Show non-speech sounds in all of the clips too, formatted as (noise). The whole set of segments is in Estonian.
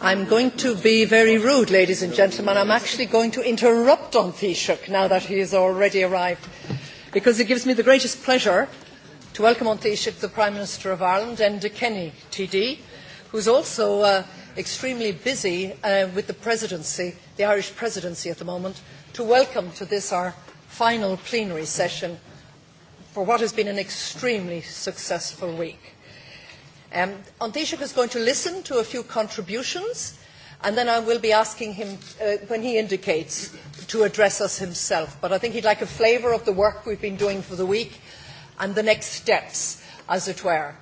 I'm going to be very rude, ladies and gentlemen. I'm actually going to interrupt on Taoiseach now that he has already arrived, because it gives me the greatest pleasure to welcome on Taoiseach the Prime Minister of Ireland, Enda Kenny, TD, who's also uh, extremely busy uh, with the presidency, the Irish presidency at the moment, to welcome to this our final plenary session for what has been an extremely successful week. Um, Antishuk is going to listen to a few contributions, and then I will be asking him, uh, when he indicates, to address us himself. But I think he'd like a flavour of the work we've been doing for the week and the next steps, as it were.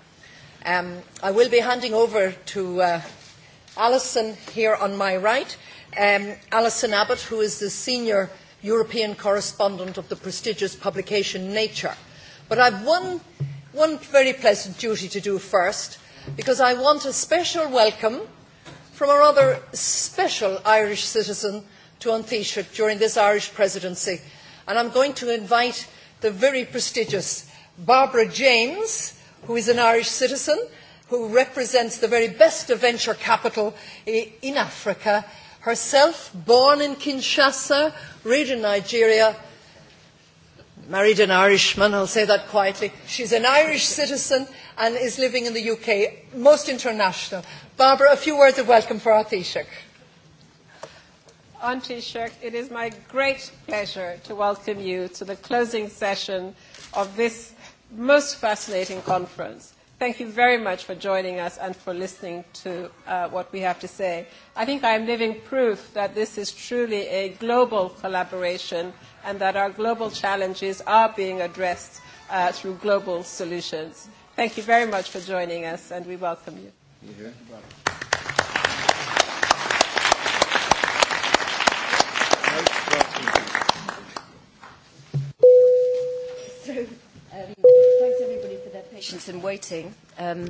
Um, I will be handing over to uh, Alison here on my right, um, Alison Abbott, who is the senior European correspondent of the prestigious publication Nature. But I've one, one very pleasant duty to do first, because I want a special welcome from a rather special Irish citizen to Antiship during this Irish presidency. And I'm going to invite the very prestigious Barbara James, who is an Irish citizen, who represents the very best of venture capital in Africa, herself born in Kinshasa, reared in Nigeria, married an Irishman, I'll say that quietly. She's an Irish citizen and is living in the UK, most international. Barbara, a few words of welcome for our Taoiseach. On Taoiseach, it is my great pleasure to welcome you to the closing session of this most fascinating conference. Thank you very much for joining us and for listening to uh, what we have to say. I think I am living proof that this is truly a global collaboration and that our global challenges are being addressed uh, through global solutions. Mm-hmm. Thank you very much for joining us, and we welcome you. Yeah. So, um, thanks everybody for their patience in waiting. Um,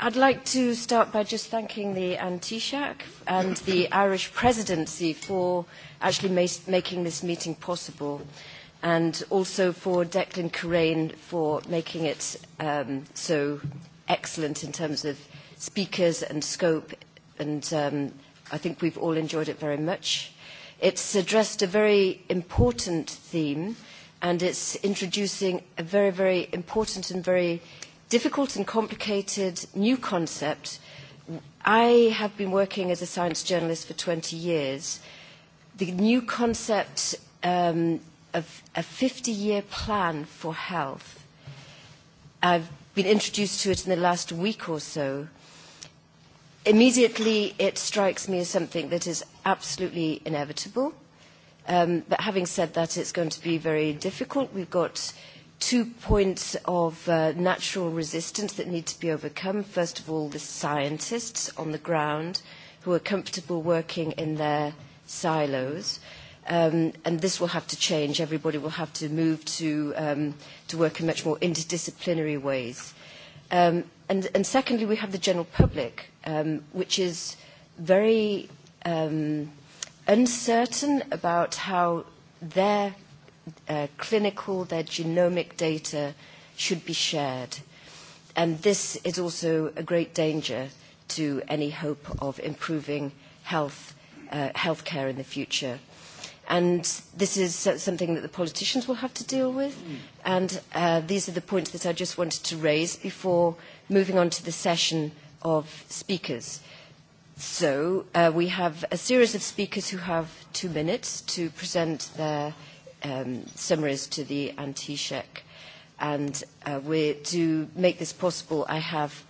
I'd like to start by just thanking the Taoiseach and the Irish presidency for actually ma- making this meeting possible. Uh, and also for Declan Corain for making it um, so excellent in terms of speakers and scope, and um, I think we've all enjoyed it very much. It's addressed a very important theme, and it's introducing a very, very important and very difficult and complicated new concept. I have been working as a science journalist for 20 years. The new concept um, of a 50-year plan for health. I've been introduced to it in the last week or so. Immediately, it strikes me as something that is absolutely inevitable. Um, but having said that, it's going to be very difficult. We've got two points of uh, natural resistance that need to be overcome. First of all, the scientists on the ground who are comfortable working in their silos. Uh, um, and this will have to change. Everybody will have to move to, um, to work in much more interdisciplinary ways. Um, and, and secondly, we have the general public, um, which is very um, uncertain about how their uh, clinical, their genomic data should be shared. And this is also a great danger to any hope of improving health, uh, healthcare in the future. And this is something that the politicians will have to deal with. Mm. And uh, these are the points that I just wanted to raise before moving on to the session of speakers. So uh, we have a series of speakers who have two minutes to present their um, summaries to the Antishek. And uh, we're, to make this possible, I have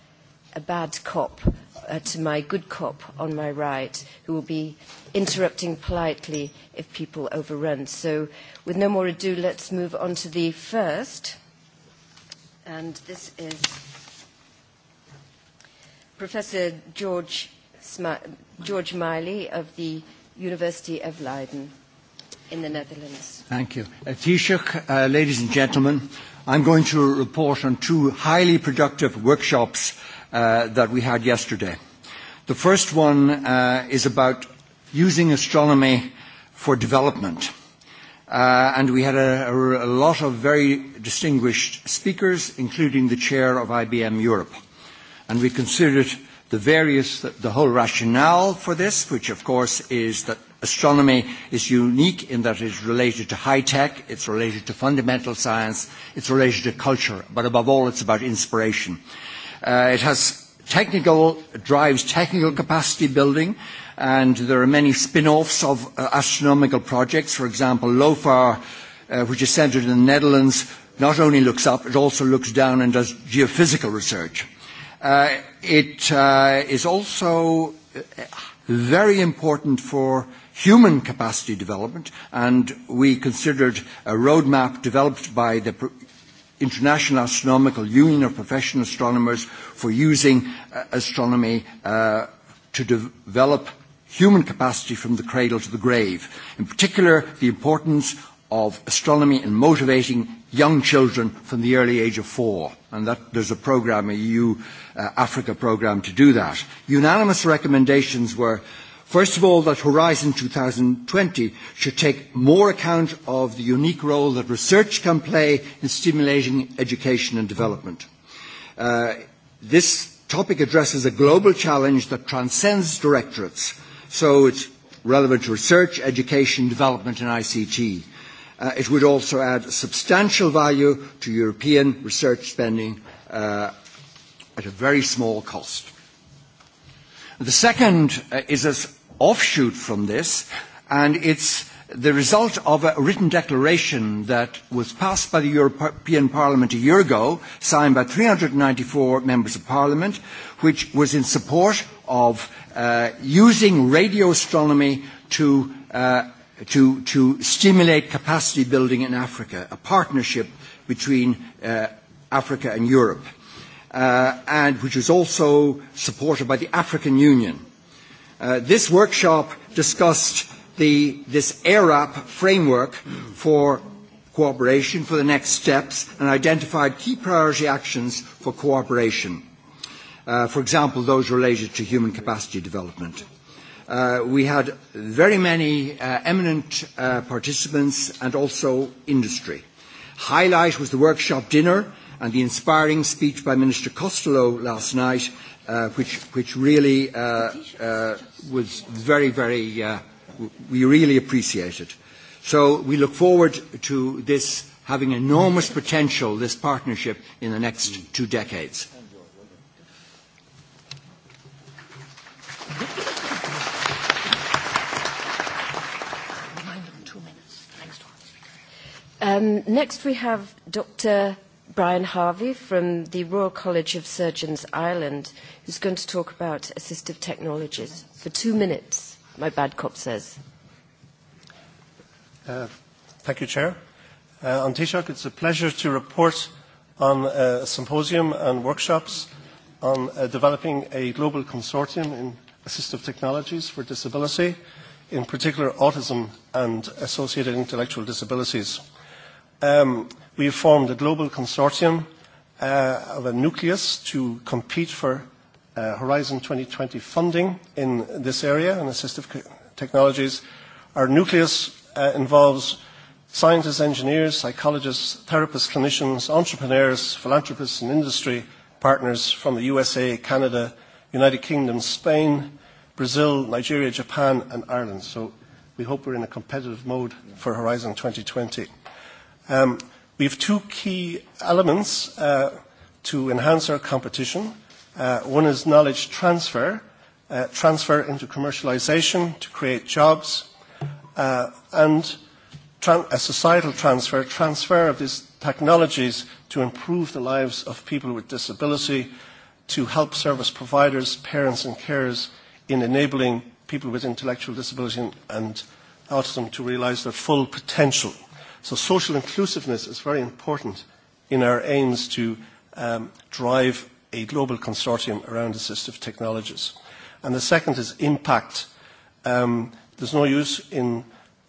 a bad cop uh, to my good cop on my right, who will be interrupting politely if people overrun. So with no more ado, let's move on to the first. And this is Professor George, Smi- George Miley of the University of Leiden in the Netherlands. Thank you. Uh, Taoiseach, uh, ladies and gentlemen, I'm going to report on two highly productive workshops uh, uh, that we had yesterday. The first one uh, is about using astronomy for development. Uh, and we had a, a, a lot of very distinguished speakers, including the chair of IBM Europe. And we considered the various, the, the whole rationale for this, which of course is that astronomy is unique in that it's related to high tech, it's related to fundamental science, it's related to culture, but above all it's about inspiration. Uh, Uh, it has technical, drives technical capacity building, and there are many spin-offs of uh, astronomical projects. For example, LOFAR, uh, which is centred in the Netherlands, not only looks up, it also looks down and does geophysical research. Uh, it uh, is also uh, very important for human capacity development, and we considered a roadmap developed by the International Astronomical Union of Professional Astronomers for using uh, astronomy uh, to de- develop human capacity from the cradle to the grave. In particular, the importance of astronomy in motivating young children from the early age of four. And that, there's a program, a EU uh, Africa program to do that. Unanimous recommendations were uh, First of all, that Horizon 2020 should take more account of the unique role that research can play in stimulating education and development. Uh, this topic addresses a global challenge that transcends directorates, so it's relevant to research, education, development and ICT. Uh, it would also add substantial value to European research spending uh, at a very small cost. The second uh, is as offshoot from this, and it's the result of a written declaration that was passed by the European Parliament a year ago, signed by 394 members of Parliament, which was in support of uh, using radio astronomy to, uh, to, to stimulate capacity building in Africa, a partnership between uh, Africa and Europe, uh, and which was also supported by the African Union. Uh, this workshop discussed the, this ARAP framework for cooperation for the next steps and identified key priority actions for cooperation. Uh, for example, those related to human capacity development. Uh, we had very many uh, eminent uh, participants and also industry. Highlight was the workshop dinner and the inspiring speech by Minister Costello last night uh, which, which really uh, uh, was very, very, uh, we really appreciated. So we look forward to this having enormous potential, this partnership, in the next two decades. Um, next we have Dr. Brian Harvey from the Royal College of Surgeons Ireland, who's going to talk about assistive technologies for two minutes, my bad cop says. Uh, thank you, Chair. Uh, on Taoiseach, it's a pleasure to report on uh, a symposium and workshops on uh, developing a global consortium in assistive technologies for disability, in particular autism and associated intellectual disabilities. Um, We have formed a global consortium uh, of a nucleus to compete for uh, Horizon 2020 funding in this area and assistive technologies. Our nucleus uh, involves scientists, engineers, psychologists, therapists, clinicians, entrepreneurs, philanthropists, and industry partners from the USA, Canada, United Kingdom, Spain, Brazil, Nigeria, Japan, and Ireland. So we hope we're in a competitive mode for Horizon 2020. Um, We have two key elements uh, to enhance our competition. Uh, one is knowledge transfer, uh, transfer into commercialization to create jobs, uh, and tran- a societal transfer, transfer of these technologies to improve the lives of people with disability, to help service providers, parents and carers in enabling people with intellectual disability and, and autism to realize their full potential. So social inclusiveness is very important in our aims to um, drive a global consortium around assistive technologies. And the second is impact. Um, there's no use in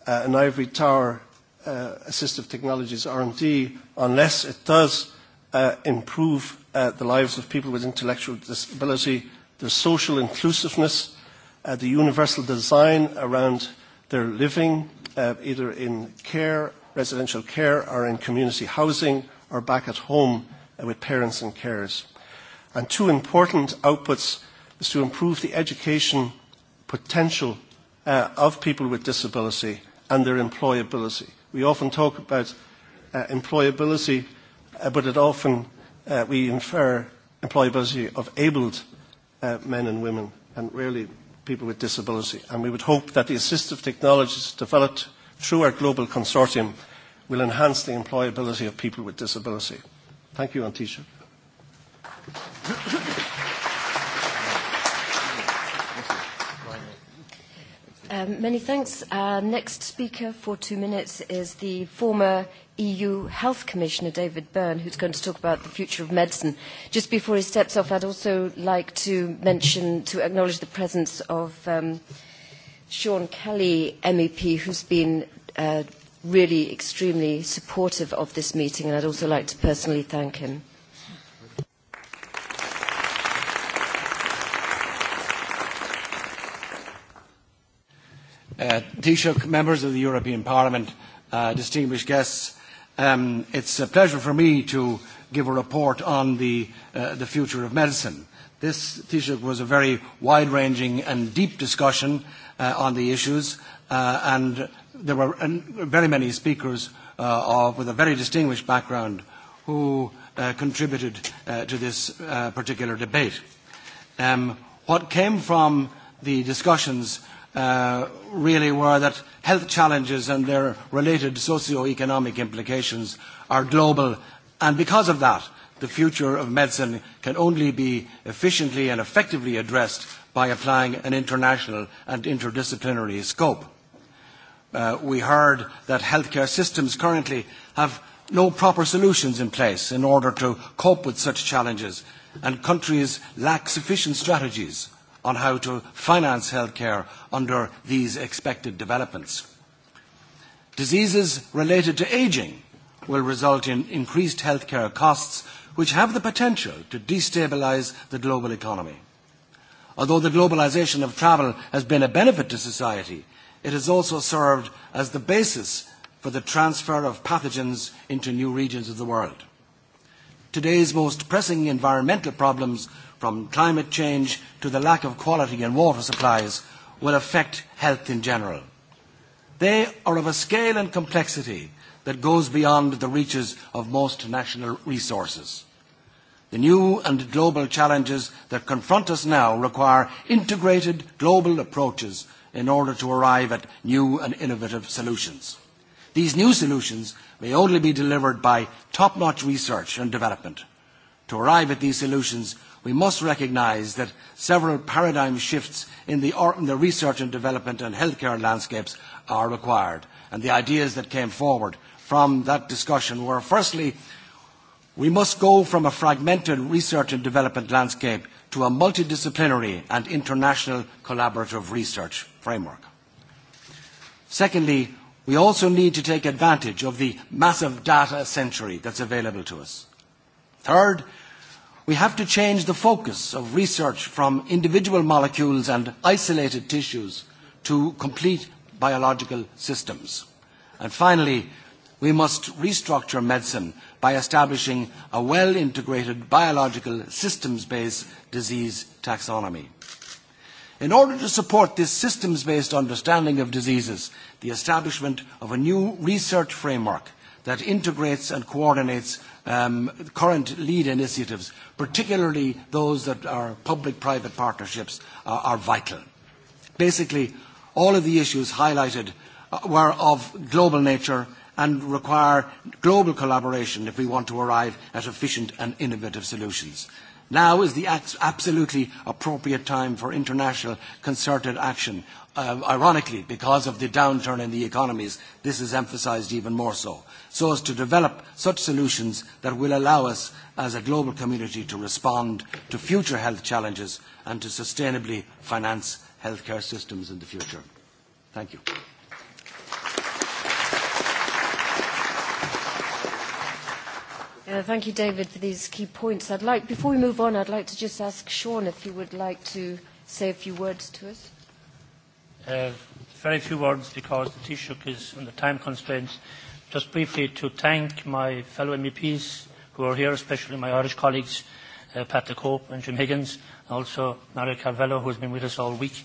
uh, an ivory tower uh, assistive technologies R&D unless it does uh, improve uh, the lives of people with intellectual disability, their social inclusiveness, uh, the universal design around their living, uh, either in care residential care are in community housing or back at home with parents and carers. And two important outputs is to improve the education potential uh, of people with disability and their employability. We often talk about uh, employability, uh, but it often uh, we infer employability of abled uh, men and women and rarely people with disability. And we would hope that the assistive technologies developed through our global consortium will enhance the employability of people with disability. Thank you, Antisha. Um, many thanks. Our next speaker for two minutes is the former EU Health Commissioner, David Byrne, who's going to talk about the future of medicine. Just before he steps off, I'd also like to mention, to acknowledge the presence of um, uh, Sean Kelly, MEP, who's been uh, really extremely supportive of this meeting, and I'd also like to personally thank him. Uh, Taoiseach, members of the European Parliament, uh, distinguished guests, um, it's a pleasure for me to give a report on the, uh, the future of medicine. This Taoiseach was a very wide-ranging and deep discussion, uh, uh, on the issues, uh, and there were uh, very many speakers uh, of, with a very distinguished background who uh, contributed uh, to this uh, particular debate. Um, what came from the discussions uh, really were that health challenges and their related socio-economic implications are global, and because of that, the future of medicine can only be efficiently and effectively addressed by applying an international and interdisciplinary scope. Uh, we heard that healthcare systems currently have no proper solutions in place in order to cope with such challenges, and countries lack sufficient strategies on how to finance healthcare under these expected developments. Diseases related to ageing will result in increased healthcare costs which have the potential to destabilise the global economy. Although the globalisation of travel has been a benefit to society, it has also served as the basis for the transfer of pathogens into new regions of the world. Today's most pressing environmental problems, from climate change to the lack of quality and water supplies, will affect health in general. They are of a scale and complexity that goes beyond the reaches of most national resources. The new and global challenges that confront us now require integrated global approaches in order to arrive at new and innovative solutions. These new solutions may only be delivered by top-notch research and development. To arrive at these solutions, we must recognise that several paradigm shifts in the, or, in the research and development and healthcare landscapes are required. And the ideas that came forward from that discussion were firstly We must go from a fragmented research and development landscape to a multidisciplinary and international collaborative research framework. Secondly, we also need to take advantage of the massive data century that's available to us. Third, we have to change the focus of research from individual molecules and isolated tissues to complete biological systems. And finally, we must restructure medicine by establishing a well-integrated biological systems-based disease taxonomy. In order to support this systems-based understanding of diseases, the establishment of a new research framework that integrates and coordinates um, current lead initiatives, particularly those that are public-private partnerships, uh, are vital. Basically, all of the issues highlighted uh, were of global nature and require global collaboration if we want to arrive at efficient and innovative solutions. Now is the absolutely appropriate time for international concerted action. Uh, ironically, because of the downturn in the economies, this is emphasised even more so, so as to develop such solutions that will allow us as a global community to respond to future health challenges and to sustainably finance healthcare systems in the future. Thank you. Uh, thank you, David, for these key points. I'd like, before we move on, I'd like to just ask Sean if you would like to say a few words to us. Uh, very few words because the Taoiseach is under time constraints. Just briefly to thank my fellow MEPs who are here, especially my Irish colleagues, uh, Pat de Cope and Jim Higgins, and also Mario Carvello, who has been with us all week,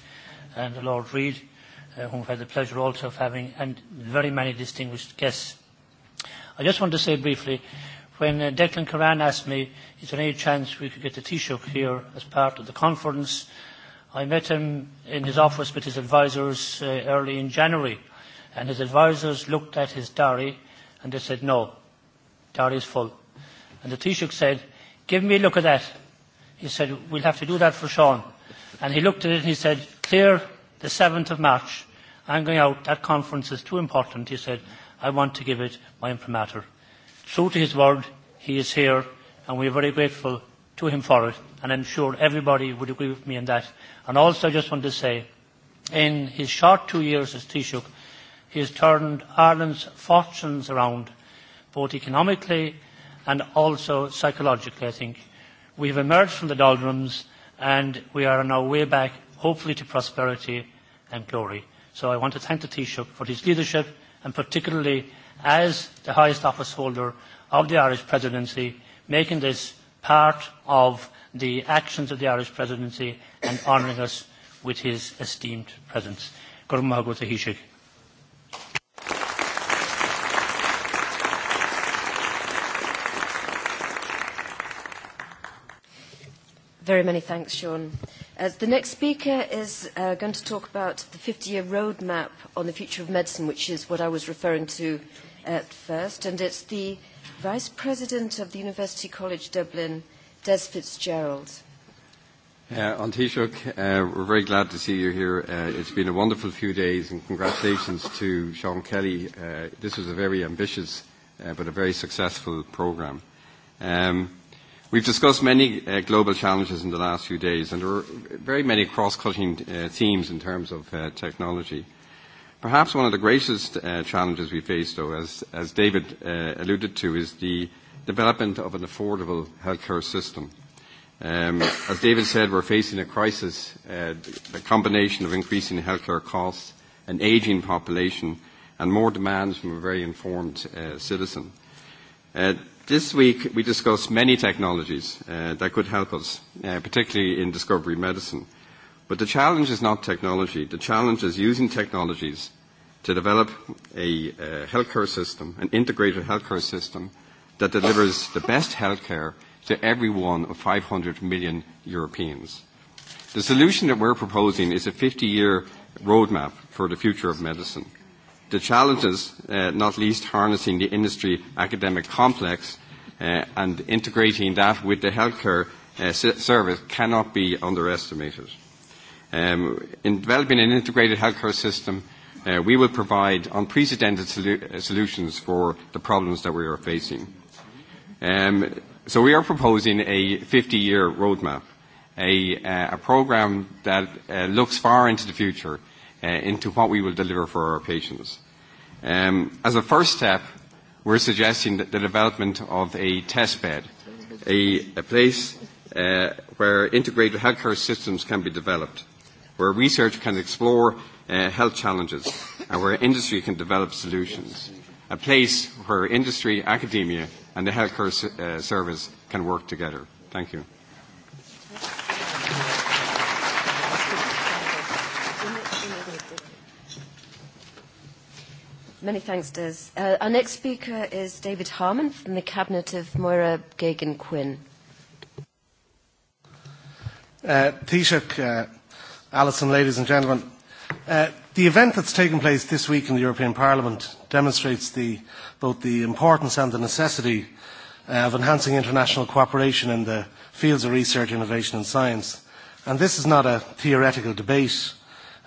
and Lord Reid, uh, whom I've had the pleasure also of having, and very many distinguished guests. I just want to say briefly When uh, Declan Curran asked me, is there any chance we could get the Taoiseach here as part of the conference, I met him in his office with his advisors uh, early in January. And his advisors looked at his diary and they said, no, diary is full. And the Taoiseach said, give me a look at that. He said, we'll have to do that for Sean. And he looked at it and he said, clear the 7th of March. I'm going out. That conference is too important. He said, I want to give it my imprimatur. True to his word, he is here, and we are very grateful to him for it, and I'm sure everybody would agree with me on that. And also, I just want to say, in his short two years as Taoiseach, he has turned Ireland's fortunes around, both economically and also psychologically, I think. We have emerged from the doldrums, and we are on our way back, hopefully, to prosperity and glory. So I want to thank the Taoiseach for his leadership, and particularly as the highest office holder of the Irish presidency, making this part of the actions of the Irish presidency and honouring us with his esteemed presence. Very many thanks, Sean. Uh, the next speaker is uh, going to talk about the 50-year roadmap on the future of medicine, which is what I was referring to at first, and it's the Vice President of the University College Dublin, Des Fitzgerald. Uh, Auntie Shuk, uh, we're very glad to see you here. Uh, it's been a wonderful few days, and congratulations to Sean Kelly. Uh, this was a very ambitious uh, but a very successful program. Um, we've discussed many uh, global challenges in the last few days, and there are very many cross-cutting uh, themes in terms of uh, technology. Uh, Perhaps one of the greatest uh, challenges we face, though, as, as David uh, alluded to, is the development of an affordable healthcare system. Um, as David said, we're facing a crisis, uh, the combination of increasing healthcare costs, an aging population, and more demands from a very informed uh, citizen. Uh, this week, we discussed many technologies uh, that could help us, uh, particularly in discovery medicine. Uh, But the challenge is not technology. The challenge is using technologies to develop a uh, healthcare system, an integrated healthcare system that delivers the best healthcare to every one of 500 million Europeans. The solution that we're proposing is a 50-year roadmap for the future of medicine. The challenge is uh, not least harnessing the industry academic complex uh, and integrating that with the healthcare uh, service cannot be underestimated. Um, in developing an integrated healthcare system, uh, we will provide unprecedented solu- uh, solutions for the problems that we are facing. Um, so we are proposing a 50-year roadmap, a, uh, a program that uh, looks far into the future, uh, into what we will deliver for our patients. Um, as a first step, we're suggesting that the development of a test bed, a, a place uh, where integrated healthcare systems can be developed where research can explore uh, health challenges and where industry can develop solutions. A place where industry, academia and the healthcare uh, service can work together. Thank you. Many thanks, Des. Uh, our next speaker is David Harmon from the cabinet of Moira Gagan Quinn. Uh, Taoiseach, uh, Alison, ladies and gentlemen. Uh, the event that's taken place this week in the European Parliament demonstrates the, both the importance and the necessity uh, of enhancing international cooperation in the fields of research, innovation and science. And this is not a theoretical debate.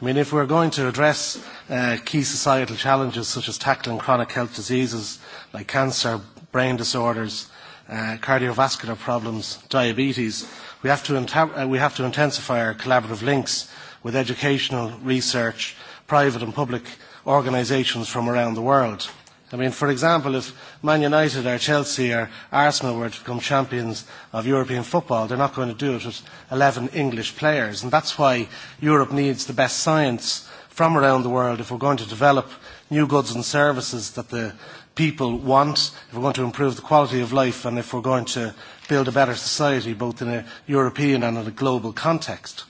I mean, if we're going to address uh, key societal challenges such as tackling chronic health diseases like cancer, brain disorders, uh, cardiovascular problems, diabetes, we have to, uh, we have to intensify our collaborative links with educational, research, private and public organisations from around the world. I mean, for example, if Man United or Chelsea or Arsenal were to become champions of European football, they're not going to do it with 11 English players. And that's why Europe needs the best science from around the world if we're going to develop new goods and services that the people want, if we're going to improve the quality of life, and if we're going to build a better society, both in a European and in a global context.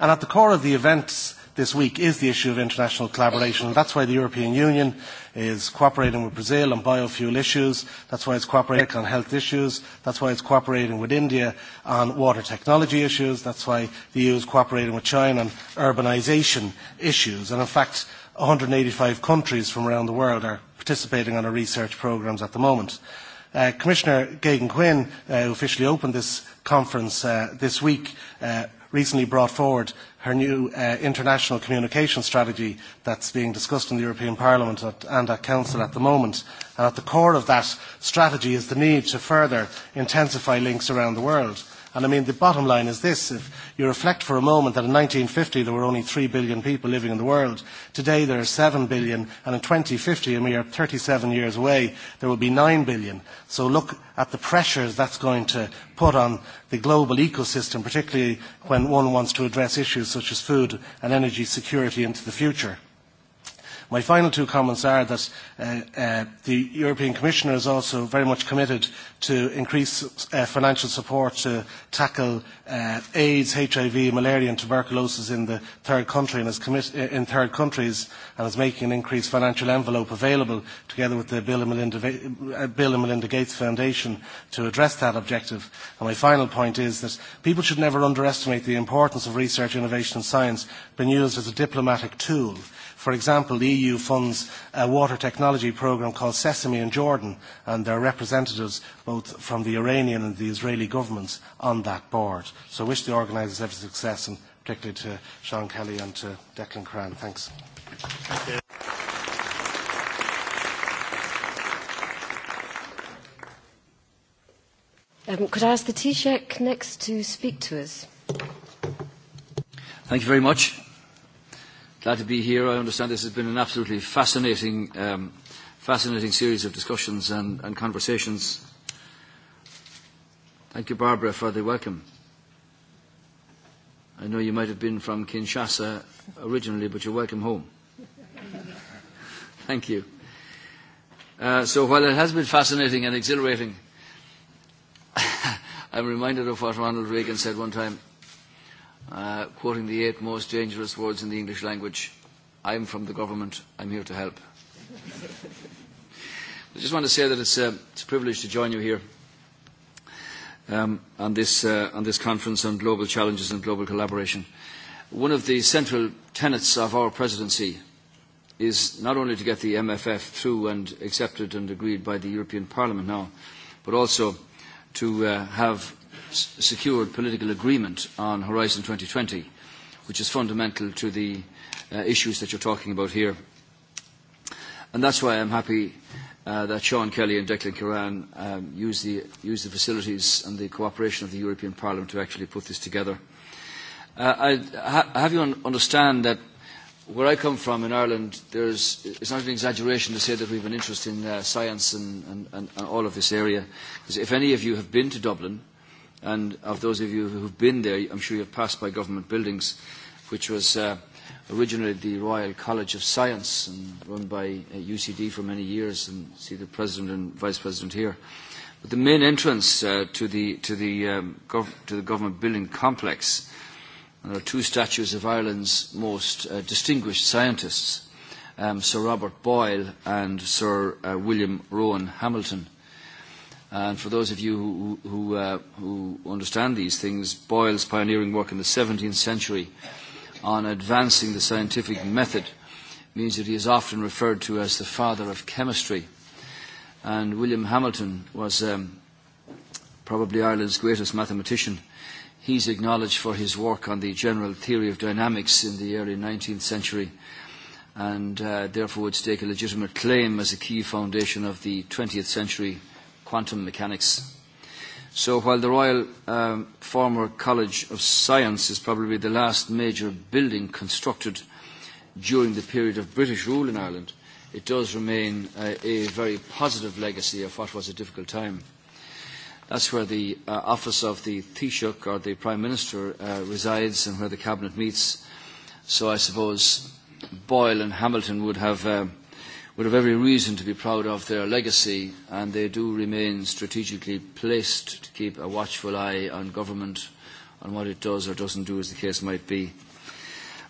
And at the core of the events this week is the issue of international collaboration. And that's why the European Union is cooperating with Brazil on biofuel issues. That's why it's cooperating on health issues. That's why it's cooperating with India on water technology issues. That's why the EU is cooperating with China on urbanisation issues. And in fact, 185 countries from around the world are participating on our research programmes at the moment. Uh, Commissioner Gagan Quinn, uh, who officially opened this conference uh, this week, uh, recently brought forward her new uh, international communication strategy that's being discussed in the European Parliament at, and at Council at the moment. And at the core of that strategy is the need to further intensify links around the world. Uh, And I mean, the bottom line is this. If you reflect for a moment that in 1950 there were only 3 billion people living in the world, today there are 7 billion, and in 2050, a mere 37 years away, there will be 9 billion. So look at the pressures that's going to put on the global ecosystem, particularly when one wants to address issues such as food and energy security into the future. My final two comments are that uh, uh, the European Commissioner is also very much committed to increase uh, financial support to tackle uh, AIDS, HIV, malaria and tuberculosis in the third country and is commit- uh, in third countries and is making an increased financial envelope available together with the Bill and, Melinda, uh, Bill and Melinda Gates Foundation to address that objective. And my final point is that people should never underestimate the importance of research, innovation and science being used as a diplomatic tool. For example, the EU funds a water technology programme called Sesame in Jordan, and there are representatives both from the Iranian and the Israeli governments on that board. So I wish the organisers every success, and particularly to Sean Kelly and to Declan Cran. Thanks. Thank you. Um, could I ask the Taoiseach next to speak to us? Thank you very much. Glad to be here. I understand this has been an absolutely fascinating, um, fascinating series of discussions and, and conversations. Thank you, Barbara, for the welcome. I know you might have been from Kinshasa originally, but you're welcome home. Thank you. Uh, so while it has been fascinating and exhilarating, (laughs) I'm reminded of what Ronald Reagan said one time uh, quoting the eight most dangerous words in the English language. I'm from the government. I'm here to help. I just want to say that it's, uh, it's a privilege to join you here um, on, this, uh, on this conference on global challenges and global collaboration. One of the central tenets of our presidency is not only to get the MFF through and accepted and agreed by the European Parliament now, but also to uh, have secured political agreement on Horizon 2020, which is fundamental to the uh, issues that you're talking about here. And that's why I'm happy uh, that Sean Kelly and Declan Curran um, use, the, use the facilities and the cooperation of the European Parliament to actually put this together. Uh, I'd ha- have you un- understand that where I come from in Ireland, there's, it's not an exaggeration to say that we have an interest in uh, science and, and, and, and all of this area. Because if any of you have been to Dublin, And of those of you who've been there, I'm sure you've passed by government buildings, which was uh, originally the Royal College of Science and run by uh, UCD for many years, and see the President and Vice President here. But the main entrance uh, to, the, to, the, um, gov to the government building complex, and there are two statues of Ireland's most uh, distinguished scientists, um, Sir Robert Boyle and Sir uh, William Rowan Hamilton. And for those of you who, who, uh, who understand these things, Boyle's pioneering work in the 17th century on advancing the scientific method means that he is often referred to as the father of chemistry. And William Hamilton was um, probably Ireland's greatest mathematician. He's acknowledged for his work on the general theory of dynamics in the early 19th century and uh, therefore would stake a legitimate claim as a key foundation of the 20th century quantum mechanics. So while the Royal um, Former College of Science is probably the last major building constructed during the period of British rule in Ireland, it does remain uh, a very positive legacy of what was a difficult time. That's where the uh, office of the Taoiseach or the Prime Minister uh, resides and where the Cabinet meets. So I suppose Boyle and Hamilton would have um, would have every reason to be proud of their legacy, and they do remain strategically placed to keep a watchful eye on government, on what it does or doesn't do, as the case might be.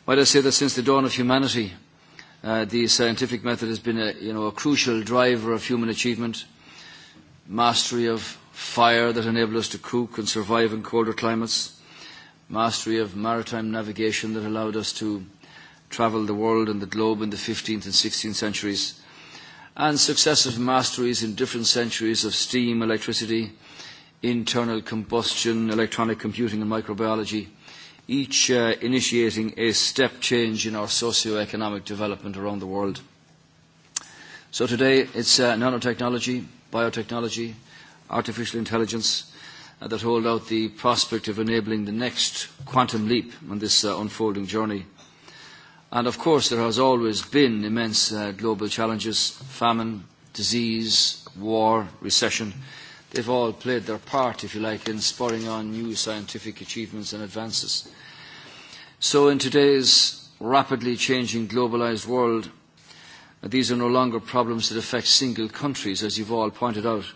Might I say that since the dawn of humanity, uh, the scientific method has been a, you know, a crucial driver of human achievement, mastery of fire that enabled us to cook and survive in colder climates, mastery of maritime navigation that allowed us to travel the world and the globe in the 15th and 16th centuries, and successive masteries in different centuries of steam, electricity, internal combustion, electronic computing and microbiology, each uh, initiating a step change in our socio-economic development around the world. So today it's uh, nanotechnology, biotechnology, artificial intelligence uh, that hold out the prospect of enabling the next quantum leap on this uh, unfolding journey And of course, there has always been immense uh, global challenges, famine, disease, war, recession. They've all played their part, if you like, in spurring on new scientific achievements and advances. So in today's rapidly changing globalized world, these are no longer problems that affect single countries, as you've all pointed out,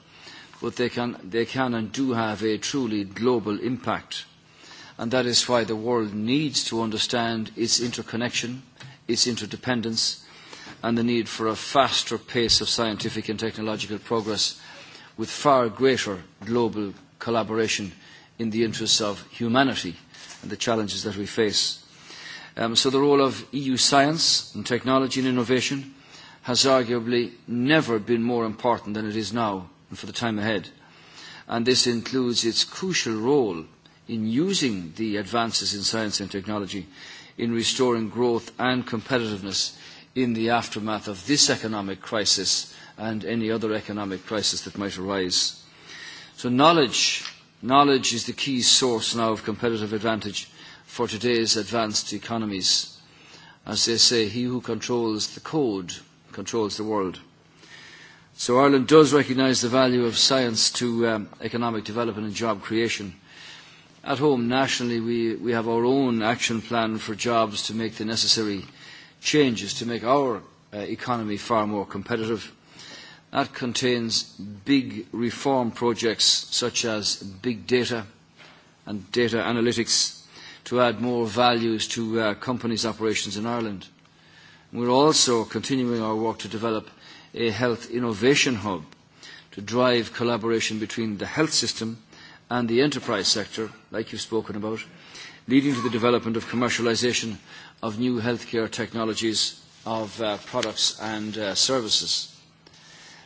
but they can, they can and do have a truly global impact. And that is why the world needs to understand its interconnection, its interdependence, and the need for a faster pace of scientific and technological progress with far greater global collaboration in the interests of humanity and the challenges that we face. Um, so the role of EU science and technology and innovation has arguably never been more important than it is now and for the time ahead. And this includes its crucial role in using the advances in science and technology in restoring growth and competitiveness in the aftermath of this economic crisis and any other economic crisis that might arise. So knowledge, knowledge is the key source now of competitive advantage for today's advanced economies. As they say, he who controls the code controls the world. So Ireland does recognise the value of science to um, economic development and job creation At home, nationally, we, we have our own action plan for jobs to make the necessary changes to make our uh, economy far more competitive. That contains big reform projects such as big data and data analytics to add more values to uh, companies' operations in Ireland. We're also continuing our work to develop a health innovation hub to drive collaboration between the health system and the enterprise sector, like you've spoken about, leading to the development of commercialisation of new healthcare technologies of uh, products and uh, services.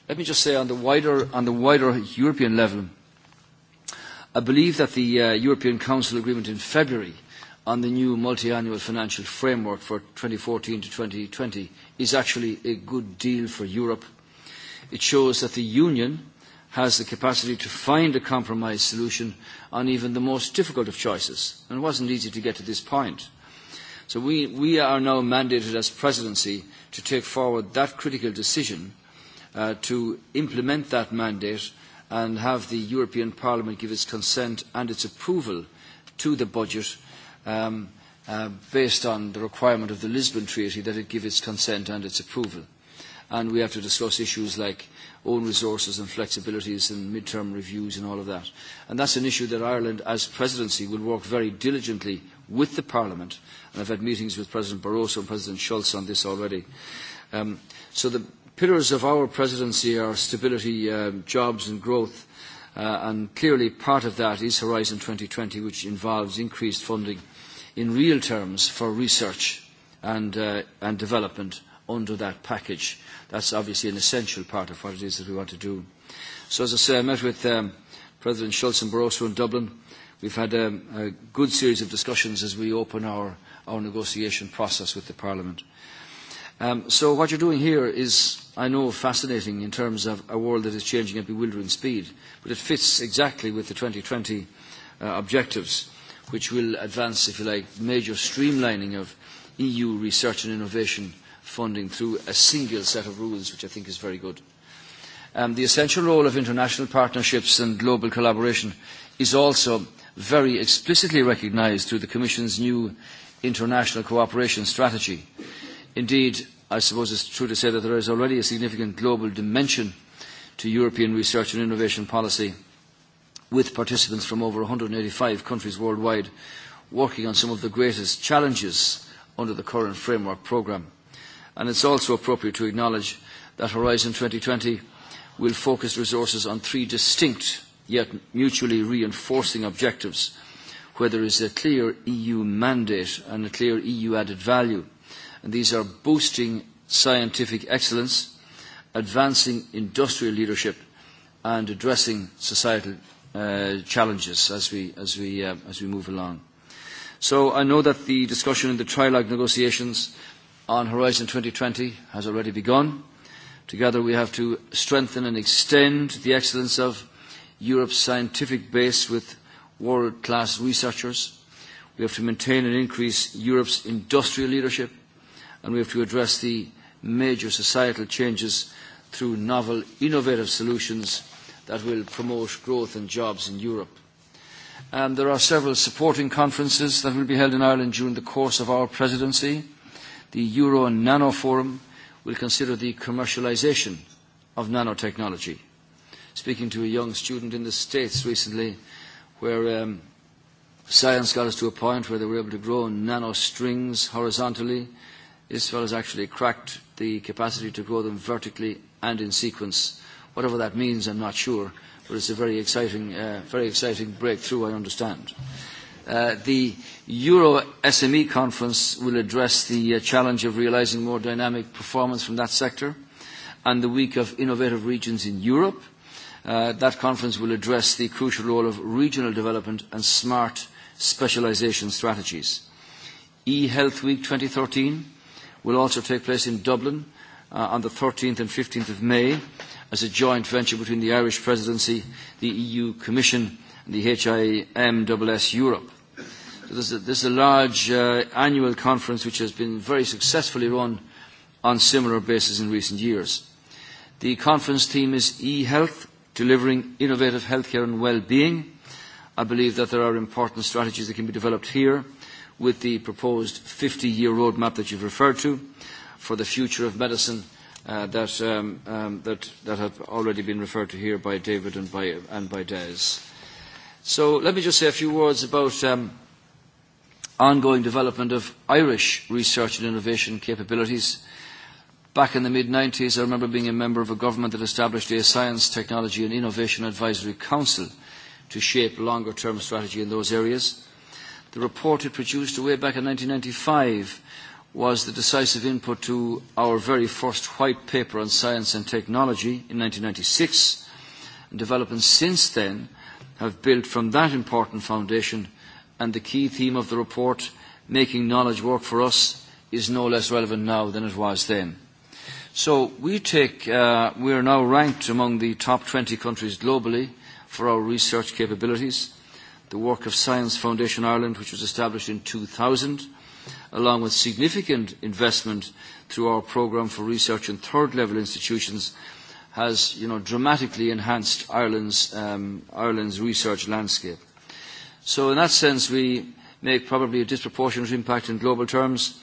Let me just say on the wider, on the wider European level, I believe that the uh, European Council agreement in February on the new multi-annual financial framework for 2014 to 2020 is actually a good deal for Europe. It shows that the Union has the capacity to find a compromise solution on even the most difficult of choices. And it wasn't easy to get to this point. So we, we are now mandated as presidency to take forward that critical decision, uh, to implement that mandate and have the European Parliament give its consent and its approval to the budget um, uh, based on the requirement of the Lisbon Treaty that it give its consent and its approval. And we have to discuss issues like own resources and flexibilities and midterm reviews and all of that. And that's an issue that Ireland, as presidency, will work very diligently with the Parliament. And I've had meetings with President Barroso and President Schulz on this already. Um, so the pillars of our presidency are stability, uh, jobs and growth. Uh, and clearly part of that is Horizon 2020, which involves increased funding in real terms for research and, uh, and development under that package. That's obviously an essential part of what it is that we want to do. So as I say, I met with um, President Schulz and Barroso in Dublin. We've had um, a good series of discussions as we open our, our negotiation process with the Parliament. Um, so what you're doing here is, I know, fascinating in terms of a world that is changing at bewildering speed, but it fits exactly with the 2020 uh, objectives, which will advance, if you like, major streamlining of EU research and innovation uh, funding through a single set of rules, which I think is very good. Um, the essential role of international partnerships and global collaboration is also very explicitly recognised through the Commission's new international cooperation strategy. Indeed, I suppose it's true to say that there is already a significant global dimension to European research and innovation policy, with participants from over 185 countries worldwide working on some of the greatest challenges under the current framework programme and it's also appropriate to acknowledge that Horizon 2020 will focus resources on three distinct yet mutually reinforcing objectives where there is a clear EU mandate and a clear EU added value. And these are boosting scientific excellence, advancing industrial leadership, and addressing societal uh, challenges as we, as, we, uh, as we move along. So I know that the discussion in the trilogue negotiations uh, on Horizon 2020 has already begun. Together we have to strengthen and extend the excellence of Europe's scientific base with world-class researchers. We have to maintain and increase Europe's industrial leadership, and we have to address the major societal changes through novel, innovative solutions that will promote growth and jobs in Europe. Um, there are several supporting conferences that will be held in Ireland during the course of our presidency. The Euro Nano Forum will consider the commercialization of nanotechnology. Speaking to a young student in the States recently, where um, science got us to a point where they were able to grow nano strings horizontally, this fellow's actually cracked the capacity to grow them vertically and in sequence. Whatever that means, I'm not sure, but it's a very exciting, uh, very exciting breakthrough, I understand. Uh, Uh, the Euro SME conference will address the uh, challenge of realizing more dynamic performance from that sector and the week of innovative regions in Europe. Uh, that conference will address the crucial role of regional development and smart specialization strategies. E-Health Week 2013 will also take place in Dublin uh, on the 13th and 15th of May as a joint venture between the Irish Presidency, the EU Commission and the HIMSS Europe. There's a, there's a large uh, annual conference which has been very successfully run on similar basis in recent years. The conference theme is e-health, delivering innovative healthcare and well-being. I believe that there are important strategies that can be developed here with the proposed 50-year roadmap that you've referred to for the future of medicine uh, that, um, um, that, that have already been referred to here by David and by, and by Des. So let me just say a few words about um, ongoing development of Irish research and innovation capabilities. Back in the mid-90s, I remember being a member of a government that established a Science, Technology and Innovation Advisory Council to shape longer-term strategy in those areas. The report it produced way back in 1995 was the decisive input to our very first white paper on science and technology in 1996, and developments since then have built from that important foundation and the key theme of the report, making knowledge work for us, is no less relevant now than it was then. So we take, uh, we are now ranked among the top 20 countries globally for our research capabilities. The work of Science Foundation Ireland, which was established in 2000, along with significant investment through our programme for research in third-level institutions, has you know, dramatically enhanced Ireland's, um, Ireland's research landscape. So in that sense, we make probably a disproportionate impact in global terms.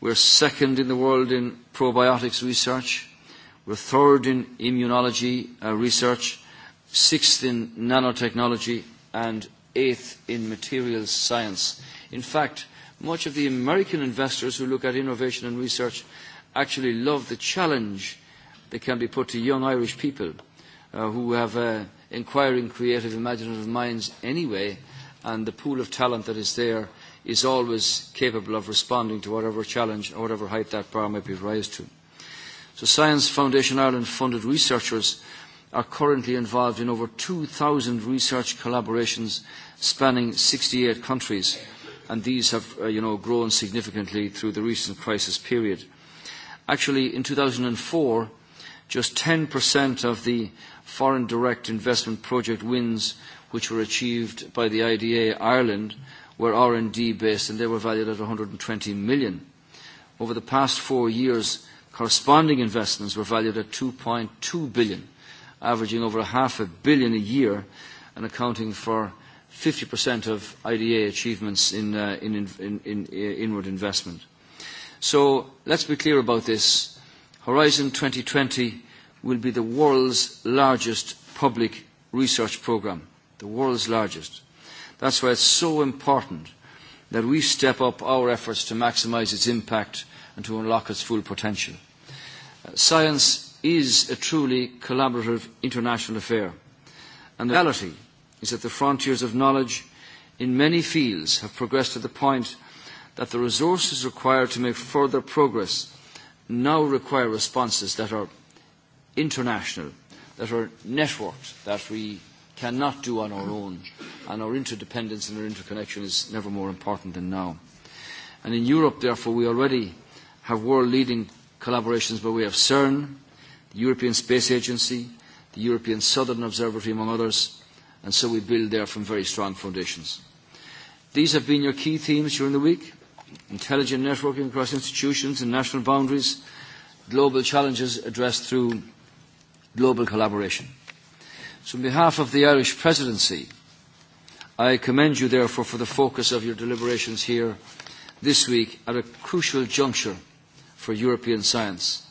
We're second in the world in probiotics research. We're third in immunology uh, research, sixth in nanotechnology, and eighth in materials science. In fact, much of the American investors who look at innovation and research actually love the challenge that can be put to young Irish people uh, who have uh, inquiring, creative, imaginative minds anyway – and the pool of talent that is there is always capable of responding to whatever challenge or whatever height that bar might be raised to. So Science Foundation Ireland funded researchers are currently involved in over 2,000 research collaborations spanning 68 countries, and these have uh, you know, grown significantly through the recent crisis period. Actually, in 2004, just 10% of the foreign direct investment project wins which were achieved by the IDA Ireland were R&D based and they were valued at 120 million. Over the past four years, corresponding investments were valued at 2.2 billion, averaging over a half a billion a year and accounting for 50% of IDA achievements in, uh, in, in, in, in uh, inward investment. So let's be clear about this. Horizon 2020 will be the world's largest public research programme the world's largest. That's why it's so important that we step up our efforts to maximise its impact and to unlock its full potential. Uh, science is a truly collaborative international affair, and the reality is that the frontiers of knowledge in many fields have progressed to the point that the resources required to make further progress now require responses that are international, that are networked, that we cannot do on our own, and our interdependence and our interconnection is never more important than now. And in Europe, therefore, we already have world-leading collaborations by way of CERN, the European Space Agency, the European Southern Observatory, among others, and so we build there from very strong foundations. These have been your key themes during the week, intelligent networking across institutions and national boundaries, global challenges addressed through global collaboration. So on behalf of the Irish Presidency, I commend you therefore for the focus of your deliberations here this week at a crucial juncture for European science.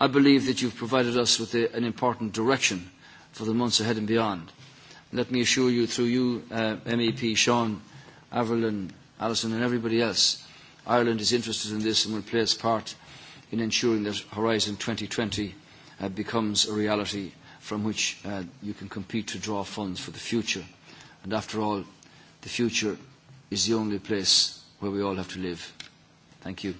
I believe that you've provided us with a, an important direction for the months ahead and beyond. Let me assure you, through you, uh, MEP Sean, Averlin, Alison and everybody else, Ireland is interested in this and will play its part in ensuring that Horizon 2020 uh, becomes a reality from which uh, you can compete to draw funds for the future. And after all, the future is the only place where we all have to live. Thank you.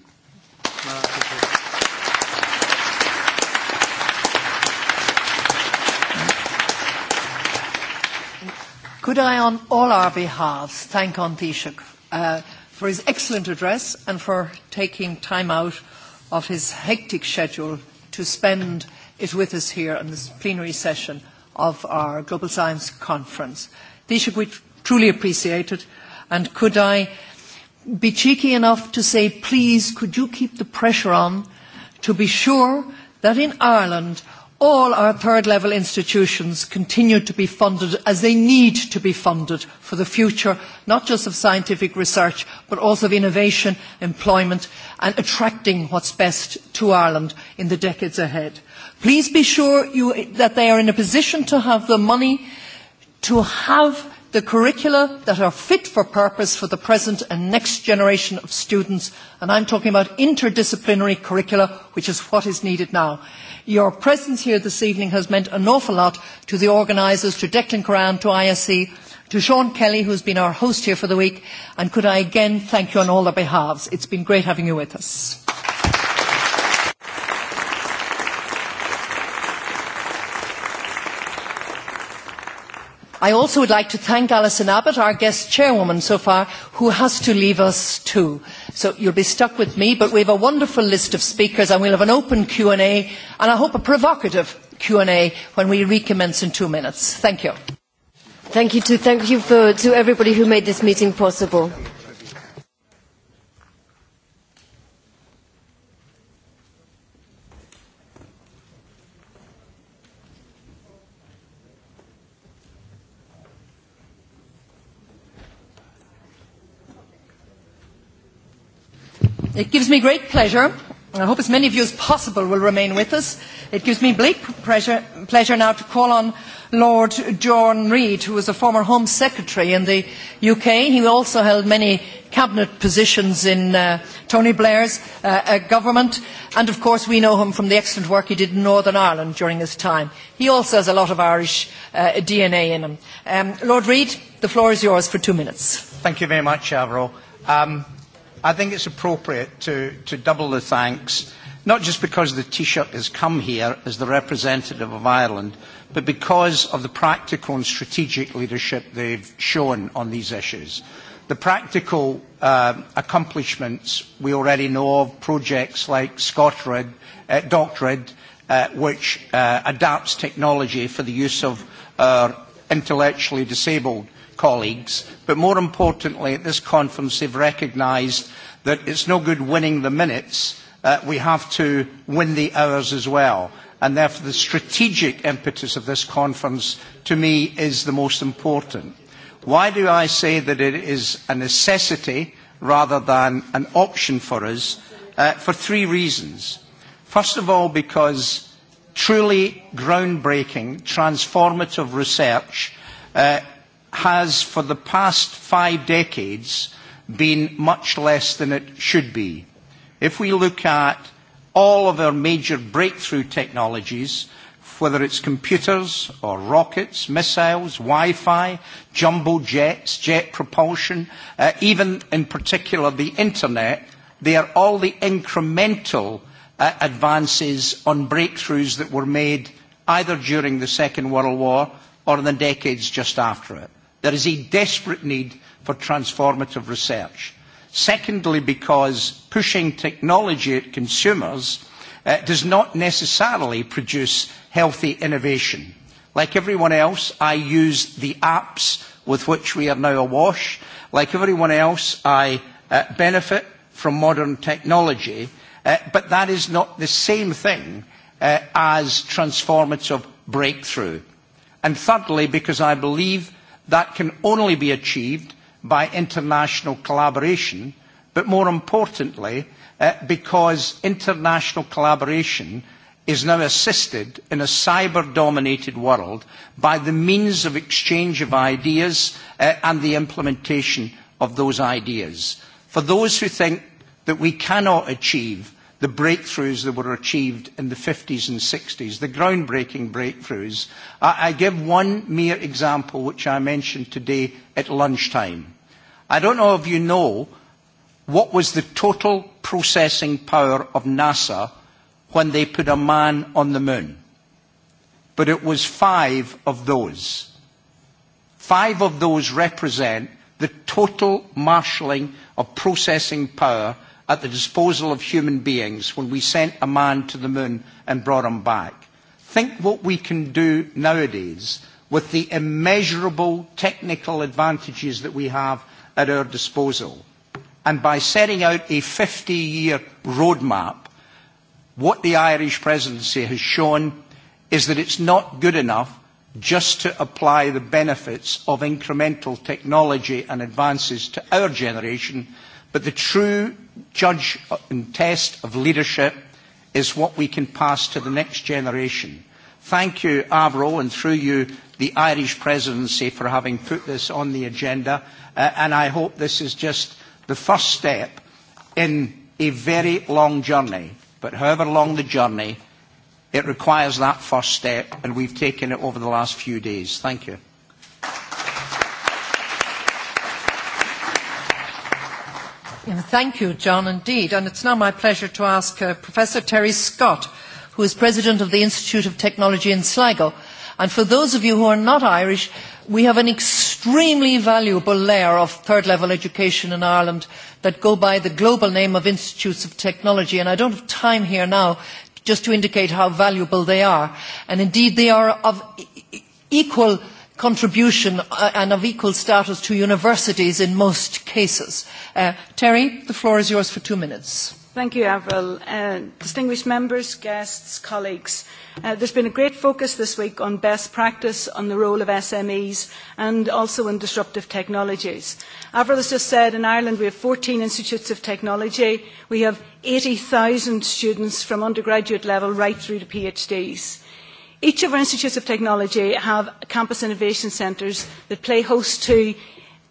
Could I, on all our behalves, thank An Taoiseach uh, for his excellent address and for taking time out of his hectic schedule to spend – is with us here on this plenary session of our Global Science Conference. These should be truly appreciated. And could I be cheeky enough to say, please, could you keep the pressure on to be sure that in Ireland all our third level institutions continue to be funded as they need to be funded for the future, not just of scientific research, but also of innovation, employment and attracting what's best to Ireland in the decades ahead. Please be sure you, that they are in a position to have the money to have the curricula that are fit for purpose for the present and next generation of students. And I'm talking about interdisciplinary curricula, which is what is needed now. Your presence here this evening has meant an awful lot to the organisers, to Declan Curran, to ISC, to Sean Kelly, who's been our host here for the week. And could I again thank you on all their behalves. It's been great having you with us. I also would like to thank Alison Abbott, our guest chairwoman so far, who has to leave us too. So you'll be stuck with me, but we have a wonderful list of speakers and we'll have an open Q&A and I hope a provocative Q&A when we recommence in two minutes. Thank you. Thank you, too. Thank you for, to everybody who made this meeting possible. It gives me great pleasure, and I hope as many of you as possible will remain with us. It gives me great pleasure, pleasure now to call on Lord John Reid, who was a former Home Secretary in the UK. He also held many cabinet positions in uh, Tony Blair's uh, uh, government. And of course, we know him from the excellent work he did in Northern Ireland during his time. He also has a lot of Irish uh, DNA in him. Um, Lord Reid, the floor is yours for two minutes. Thank you very much, Avril. Um, I think it's appropriate to, to double the thanks, not just because the Taoiseach has come here as the representative of Ireland, but because of the practical and strategic leadership they've shown on these issues. The practical uh, accomplishments we already know of, projects like ScotRid, uh, DocRid, uh, which uh, adapts technology for the use of uh, intellectually disabled colleagues, but more importantly at this conference they've recognised that it's no good winning the minutes, uh, we have to win the hours as well. And therefore the strategic impetus of this conference to me is the most important. Why do I say that it is a necessity rather than an option for us? Uh, for three reasons. First of all, because truly groundbreaking, transformative research uh, has, for the past five decades, been much less than it should be. If we look at all of our major breakthrough technologies, whether it's computers or rockets, missiles, Wi-Fi, jumbo jets, jet propulsion, uh, even in particular the internet, they are all the incremental uh, advances on breakthroughs that were made either during the Second World War or in the decades just after it. There is a desperate need for transformative research. Secondly, because pushing technology at consumers uh, does not necessarily produce healthy innovation. Like everyone else, I use the apps with which we are now awash. Like everyone else, I uh, benefit from modern technology, uh, but that is not the same thing uh, as transformative breakthrough. And thirdly, because I believe That can only be achieved by international collaboration, but more importantly, uh, because international collaboration is now assisted in a cyber-dominated world by the means of exchange of ideas uh, and the implementation of those ideas. For those who think that we cannot achieve the breakthroughs that were achieved in the 50s and 60s, the groundbreaking breakthroughs. I, I give one mere example which I mentioned today at lunchtime. I don't know if you know what was the total processing power of NASA when they put a man on the moon. But it was five of those. Five of those represent the total marshalling of processing power – at the disposal of human beings when we sent a man to the moon and brought him back. Think what we can do nowadays with the immeasurable technical advantages that we have at our disposal. And by setting out a 50-year roadmap, what the Irish presidency has shown is that it's not good enough just to apply the benefits of incremental technology and advances to our generation, But the true judge and test of leadership is what we can pass to the next generation. Thank you, Avro, and through you, the Irish presidency for having put this on the agenda. Uh, and I hope this is just the first step in a very long journey. But however long the journey, it requires that first step, and we've taken it over the last few days. Thank you. Thank you, John, indeed. And it's now my pleasure to ask uh, Professor Terry Scott, who is President of the Institute of Technology in Sligo. And for those of you who are not Irish, we have an extremely valuable layer of third level education in Ireland that go by the global name of Institutes of Technology. And I don't have time here now just to indicate how valuable they are. And indeed, they are of e-, e-, equal value contribution uh, and of equal status to universities in most cases. Uh, Terry, the floor is yours for two minutes. Thank you, Avril. Uh, distinguished members, guests, colleagues, uh, there's been a great focus this week on best practice, on the role of SMEs, and also on disruptive technologies. Avril has just said in Ireland we have 14 institutes of technology. We have 80,000 students from undergraduate level right through to PhDs. Each of our institutes of technology have campus innovation centres that play host to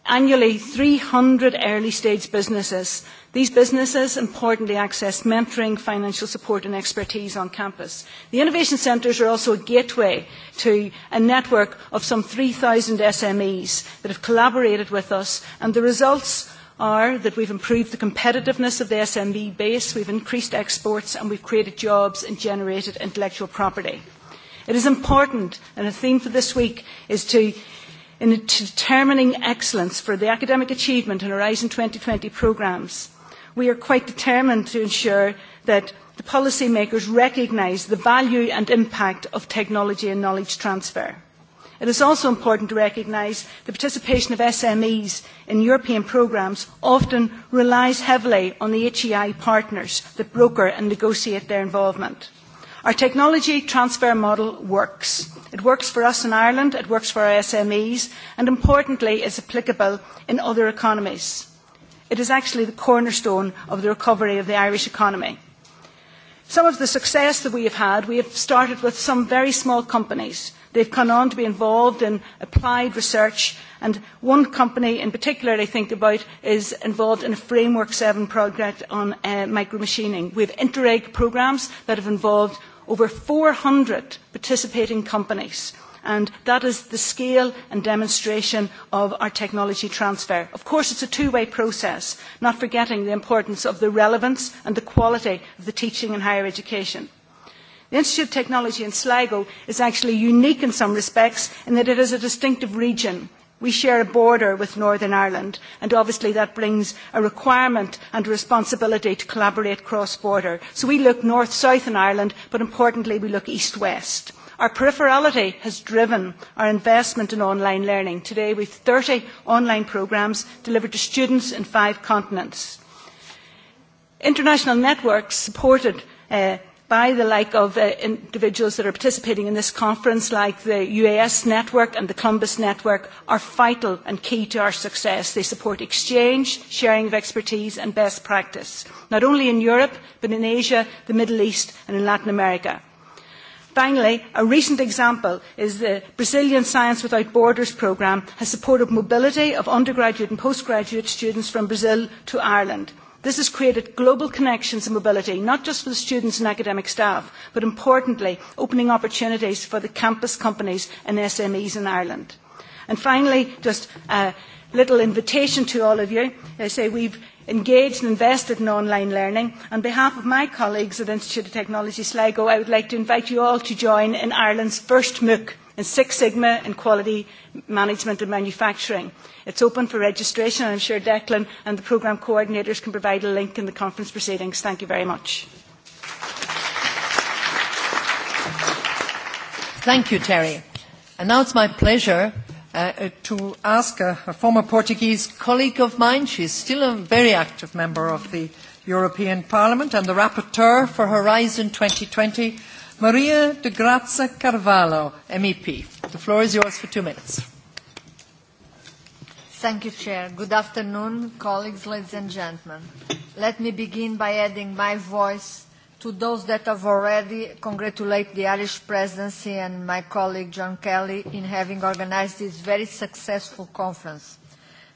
annually 300 early stage businesses. These businesses importantly access mentoring, financial support and expertise on campus. The innovation centres are also a gateway to a network of some 3,000 SMEs that have collaborated with us and the results are that we've improved the competitiveness of the SME base, we've increased exports and we've created jobs and generated intellectual property. It is important, and a theme for this week is to in determining excellence for the academic achievement in Horizon 2020 programmes. We are quite determined to ensure that the policymakers recognise the value and impact of technology and knowledge transfer. It is also important to recognise the participation of SMEs in European programmes often relies heavily on the HEI partners that broker and negotiate their involvement. Our technology transfer model works. It works for us in Ireland, it works for our SMEs, and importantly, is applicable in other economies. It is actually the cornerstone of the recovery of the Irish economy. Some of the success that we have had, we have started with some very small companies. They've gone on to be involved in applied research, and one company in particular I think about is involved in a Framework 7 project on uh, micromachining. We have Interreg programmes that have involved over 400 participating companies and that is the scale and demonstration of our technology transfer. Of course, it's a two-way process, not forgetting the importance of the relevance and the quality of the teaching in higher education. The Institute of Technology in Sligo is actually unique in some respects in that it is a distinctive region. We share a border with Northern Ireland, and obviously that brings a requirement and a responsibility to collaborate cross-border. So we look north-south in Ireland, but importantly we look east-west. Our peripherality has driven our investment in online learning. Today we have 30 online programmes delivered to students in five continents. International networks supported uh, by the like of uh, individuals that are participating in this conference, like the UAS network and the Columbus network, are vital and key to our success. They support exchange, sharing of expertise and best practice, not only in Europe, but in Asia, the Middle East and in Latin America. Finally, a recent example is the Brazilian Science Without Borders programme has supported mobility of undergraduate and postgraduate students from Brazil to Ireland. This has created global connections and mobility, not just for the students and academic staff, but importantly, opening opportunities for the campus companies and SMEs in Ireland. And finally, just a little invitation to all of you. I say we've engaged and invested in online learning. On behalf of my colleagues at Institute of Technology Sligo, I would like to invite you all to join in Ireland's first MOOC in Six Sigma in quality management and manufacturing. It's open for registration and I'm sure Declan and the programme coordinators can provide a link in the conference proceedings. Thank you very much. Thank you, Terry. And now it's my pleasure uh, uh, to ask a, a former Portuguese colleague of mine, she's still a very active member of the European Parliament and the rapporteur for Horizon 2020, Maria de Grazia Carvalho, MEP. The floor is yours for two minutes. Thank you, Chair. Good afternoon, colleagues, ladies and gentlemen. Let me begin by adding my voice to those that have already congratulate the Irish presidency and my colleague John Kelly in having organized this very successful conference.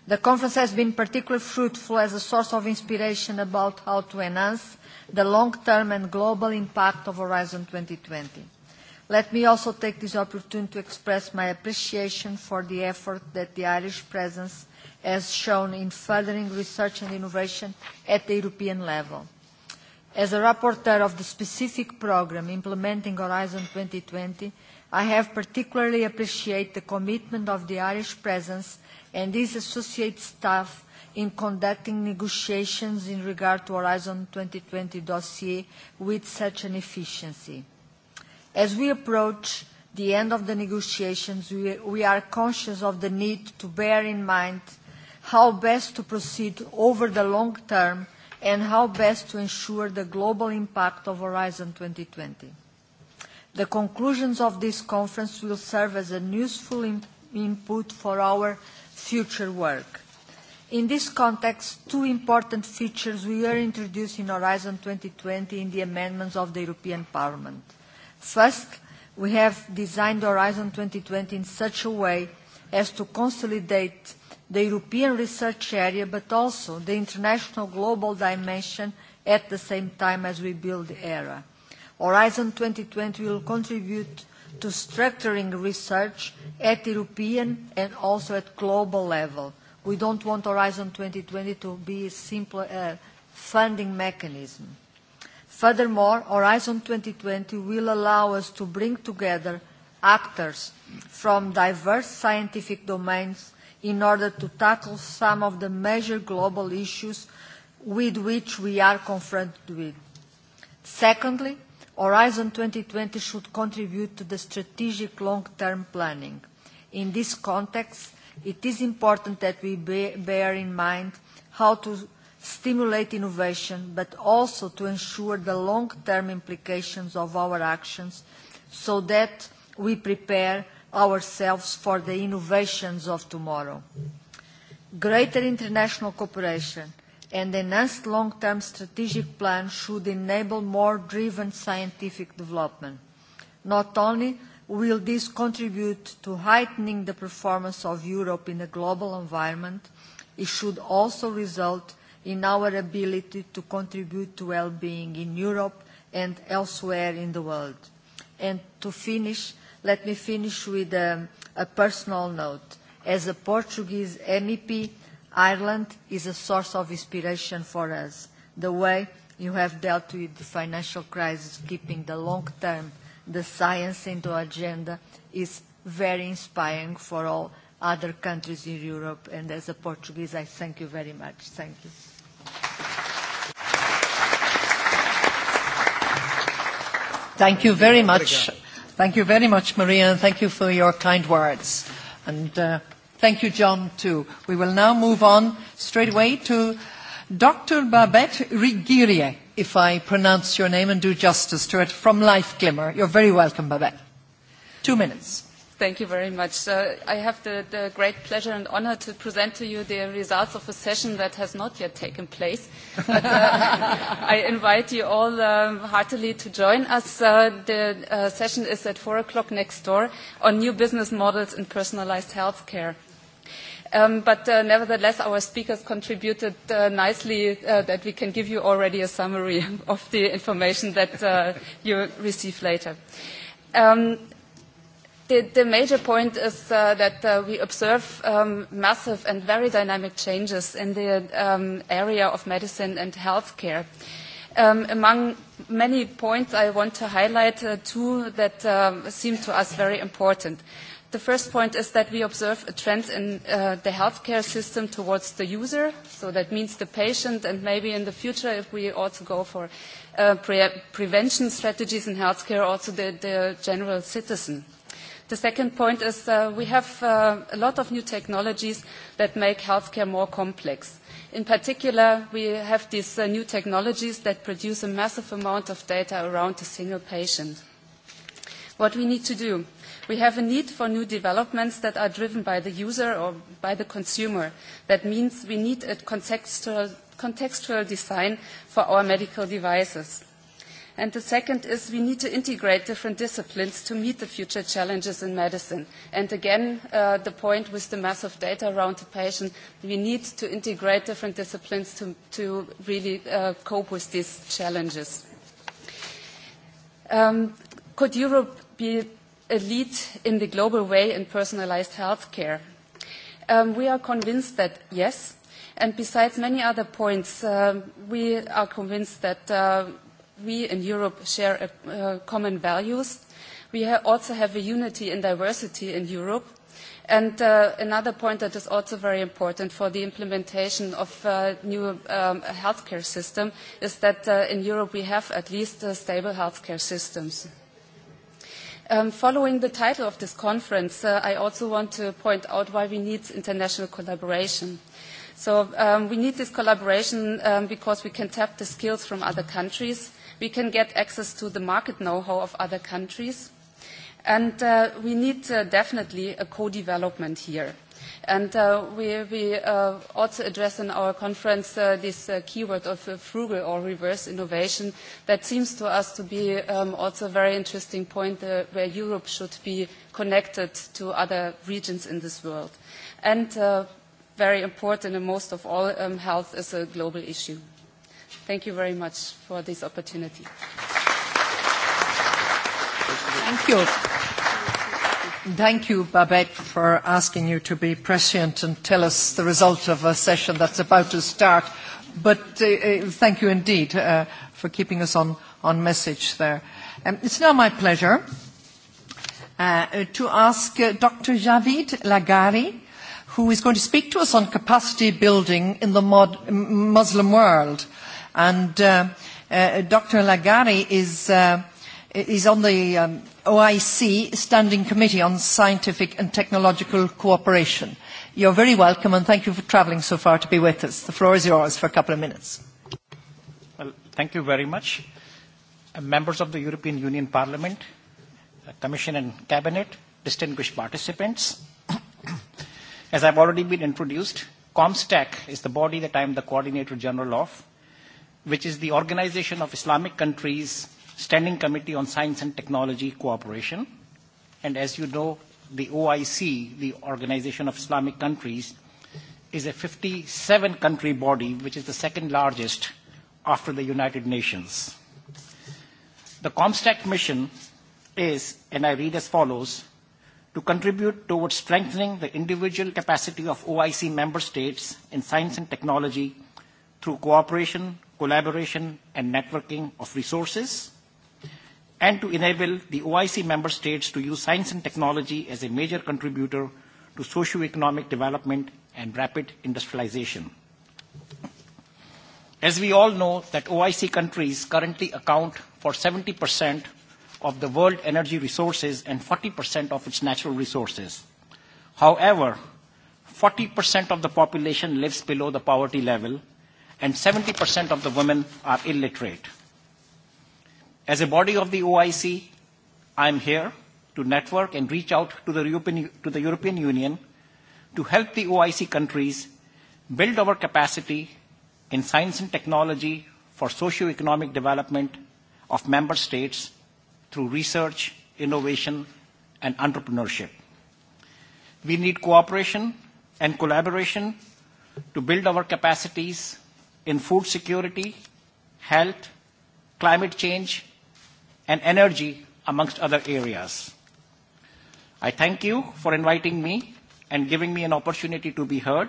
The conference has been particularly fruitful as a source of inspiration about how to enhance the long-term and global impact of Horizon 2020. Let me also take this opportunity to express my appreciation for the effort that the Irish presence has shown in furthering research and innovation at the European level. As a rapporteur of the specific programme implementing Horizon 2020, I have particularly appreciated the commitment of the Irish presence and this associates staff in conducting negotiations in regard to Horizon 2020 dossier with such an efficiency. As we approach the end of the negotiations, we, we are conscious of the need to bear in mind how best to proceed over the long term and how best to ensure the global impact of Horizon 2020. The conclusions of this conference will serve as a useful in input for our future work. In this context, two important features were introduced in Horizon 2020 in the amendments of the European Parliament. First, we have designed Horizon 2020 in such a way as to consolidate the European research area, but also the international global dimension at the same time as we build ERA. Horizon 2020 will contribute to structuring research at European and also at global level. We don't want Horizon 2020 to be a simple uh, funding mechanism. Furthermore, Horizon 2020 will allow us to bring together actors from diverse scientific domains in order to tackle some of the major global issues with which we are confronted with. Secondly, Horizon 2020 should contribute to the strategic long-term planning. In this context, it is important that we bear in mind how to stimulate innovation, but also to ensure the long-term implications of our actions so that we prepare ourselves for the innovations of tomorrow. Greater international cooperation and enhanced long-term strategic plan should enable more driven scientific development. Not only will this contribute to heightening the performance of Europe in a global environment, it should also result in our ability to contribute to well-being in Europe and elsewhere in the world. And to finish, let me finish with a, um, a personal note. As a Portuguese MEP, Ireland is a source of inspiration for us. The way you have dealt with the financial crisis, keeping the long term, the science into agenda, is very inspiring for all other countries in Europe. And as a Portuguese, I thank you very much. Thank you. Thank you very much. Thank you very much, Maria, and thank you for your kind words. And uh, Thank you, John, too. We will now move on straight away to Dr. Babette Rigirie, if I pronounce your name and do justice to it, from Life Glimmer. You're very welcome, Babette. Two minutes. Thank you very much. Uh, I have the, the great pleasure and honor to present to you the results of a session that has not yet taken place. But, uh, (laughs) I invite you all um, heartily to join us. Uh, the uh, session is at 4 o'clock next door on new business models in personalized healthcare. Um, but uh, nevertheless, our speakers contributed uh, nicely uh, that we can give you already a summary (laughs) of the information that uh, you receive later. Um, the, the major point is uh, that uh, we observe um, massive and very dynamic changes in the um, area of medicine and healthcare. Um, among many points, I want to highlight uh, two that uh, seem to us very important. The first point is that we observe a trend in uh, the healthcare system towards the user, so that means the patient, and maybe in the future, if we also go for uh, pre prevention strategies in healthcare, also the, the general citizen. The second point is uh, we have uh, a lot of new technologies that make healthcare more complex. In particular, we have these uh, new technologies that produce a massive amount of data around a single patient. What we need to do? Uh, We have a need for new developments that are driven by the user or by the consumer. That means we need a contextual, contextual design for our medical devices. And the second is we need to integrate different disciplines to meet the future challenges in medicine. And again, uh, the point with the massive data around the patient, we need to integrate different disciplines to, to really uh, cope with these challenges. Um, could Europe be a lead in the global way in personalized healthcare. Um, we are convinced that yes, and besides many other points, um, we are convinced that uh, we in Europe share a, uh, common values. We ha also have a unity in diversity in Europe. And uh, another point that is also very important for the implementation of uh, new um, healthcare system is that uh, in Europe we have at least uh, stable healthcare systems. Mm -hmm. Um, following the title of this conference, uh, I also want to point out why we need international collaboration. So um, we need this collaboration um, because we can tap the skills from other countries, we can get access to the market know-how of other countries, and uh, we need uh, definitely a co-development here. And uh, we, we uh, also address in our conference uh, this uh, keyword of uh, frugal or reverse innovation. That seems to us to be um, also a very interesting point uh, where Europe should be connected to other regions in this world. And uh, very important and most of all, um, health is a global issue. Thank you very much for this opportunity. Thank you. Thank you, Babette, for asking you to be prescient and tell us the result of a session that's about to start. But uh, uh thank you indeed uh, for keeping us on, on message there. Um, it's now my pleasure uh, to ask uh, Dr. Javid Lagari, who is going to speak to us on capacity building in the mod- Muslim world. And uh, uh, Dr. Lagari is, uh, is on the um, OIC Standing Committee on Scientific and Technological Cooperation. You're very welcome and thank you for travelling so far to be with us. The floor is yours for a couple of minutes. Well, thank you very much. Uh, members of the European Union Parliament, uh, Commission and Cabinet, distinguished participants, (coughs) as I've already been introduced, COMSTAC is the body that I'm the Coordinator General of, which is the Organization of Islamic Countries Standing Committee on Science and Technology Cooperation. And as you know, the OIC, the Organization of Islamic Countries, is a 57-country body, which is the second largest after the United Nations. The COMSTAC mission is, and I read as follows, to contribute towards strengthening the individual capacity of OIC member states in science and technology through cooperation, collaboration, and networking of resources, and to enable the OIC member states to use science and technology as a major contributor to socio-economic development and rapid industrialization. As we all know that OIC countries currently account for 70% of the world energy resources and 40% of its natural resources. However, 40% of the population lives below the poverty level, and 70% of the women are illiterate. As a body of the OIC, I'm here to network and reach out to the European, to the European Union to help the OIC countries build our capacity in science and technology for socio-economic development of member states through research, innovation, and entrepreneurship. We need cooperation and collaboration to build our capacities in food security, health, climate change, and energy, amongst other areas. I thank you for inviting me and giving me an opportunity to be heard,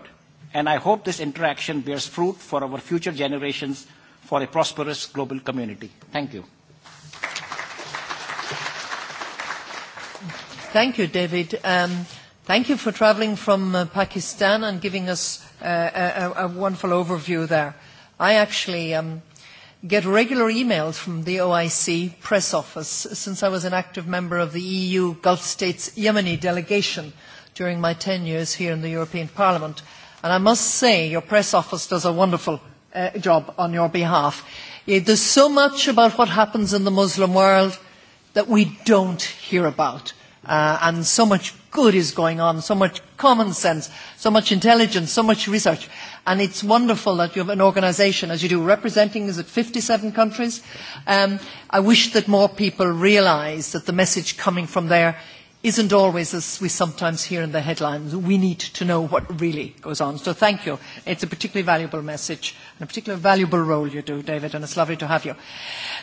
and I hope this interaction bears fruit for our future generations for a prosperous global community. Thank you. Thank you, David. Um, thank you for traveling from uh, Pakistan and giving us uh, a, a wonderful overview there. I actually um, get regular emails from the OIC press office since I was an active member of the EU Gulf States Yemeni delegation during my 10 years here in the European Parliament. And I must say, your press office does a wonderful uh, job on your behalf. Eh, there's so much about what happens in the Muslim world that we don't hear about uh, and so much good is going on, so much common sense, so much intelligence, so much research. And it's wonderful that you have an organization, as you do, representing, is it 57 countries? Um, I wish that more people realize that the message coming from there isn't always as we sometimes hear in the headlines. We need to know what really goes on. So thank you. It's a particularly valuable message and a particularly valuable role you do, David, and it's lovely to have you.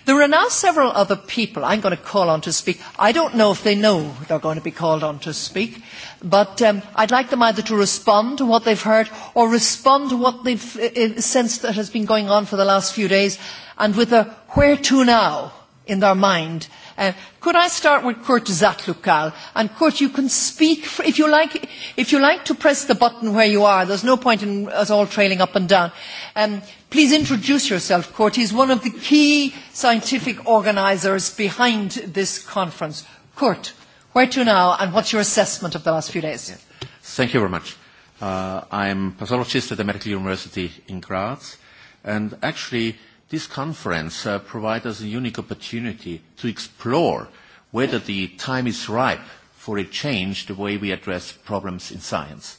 There are now several other people I'm going to call on to speak. I don't know if they know they're going to be called on to speak, but um, I'd like them either to respond to what they've heard or respond to what they've uh, uh sensed that has been going on for the last few days and with a where to now in their mind Uh, could I start with Kurt Zatlukal? And Kurt, you can speak for, if you like. If you like to press the button where you are, there's no point in us all trailing up and down. Um, please introduce yourself, Kurt. He's one of the key scientific organisers behind this conference. Kurt, where to now, and what's your assessment of the last few days? Yeah. Thank you very much. Uh, I'm pathologist at the Medical University in Graz, and actually This conference uh, provides us a unique opportunity to explore whether the time is ripe for a change the way we address problems in science.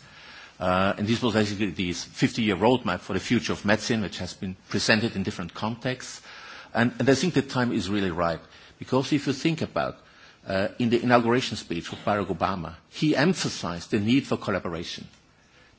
Uh, and this was basically the 50-year roadmap for the future of medicine, which has been presented in different contexts. And, and I think the time is really ripe, because if you think about uh, in the inauguration speech of Barack Obama, he emphasized the need for collaboration.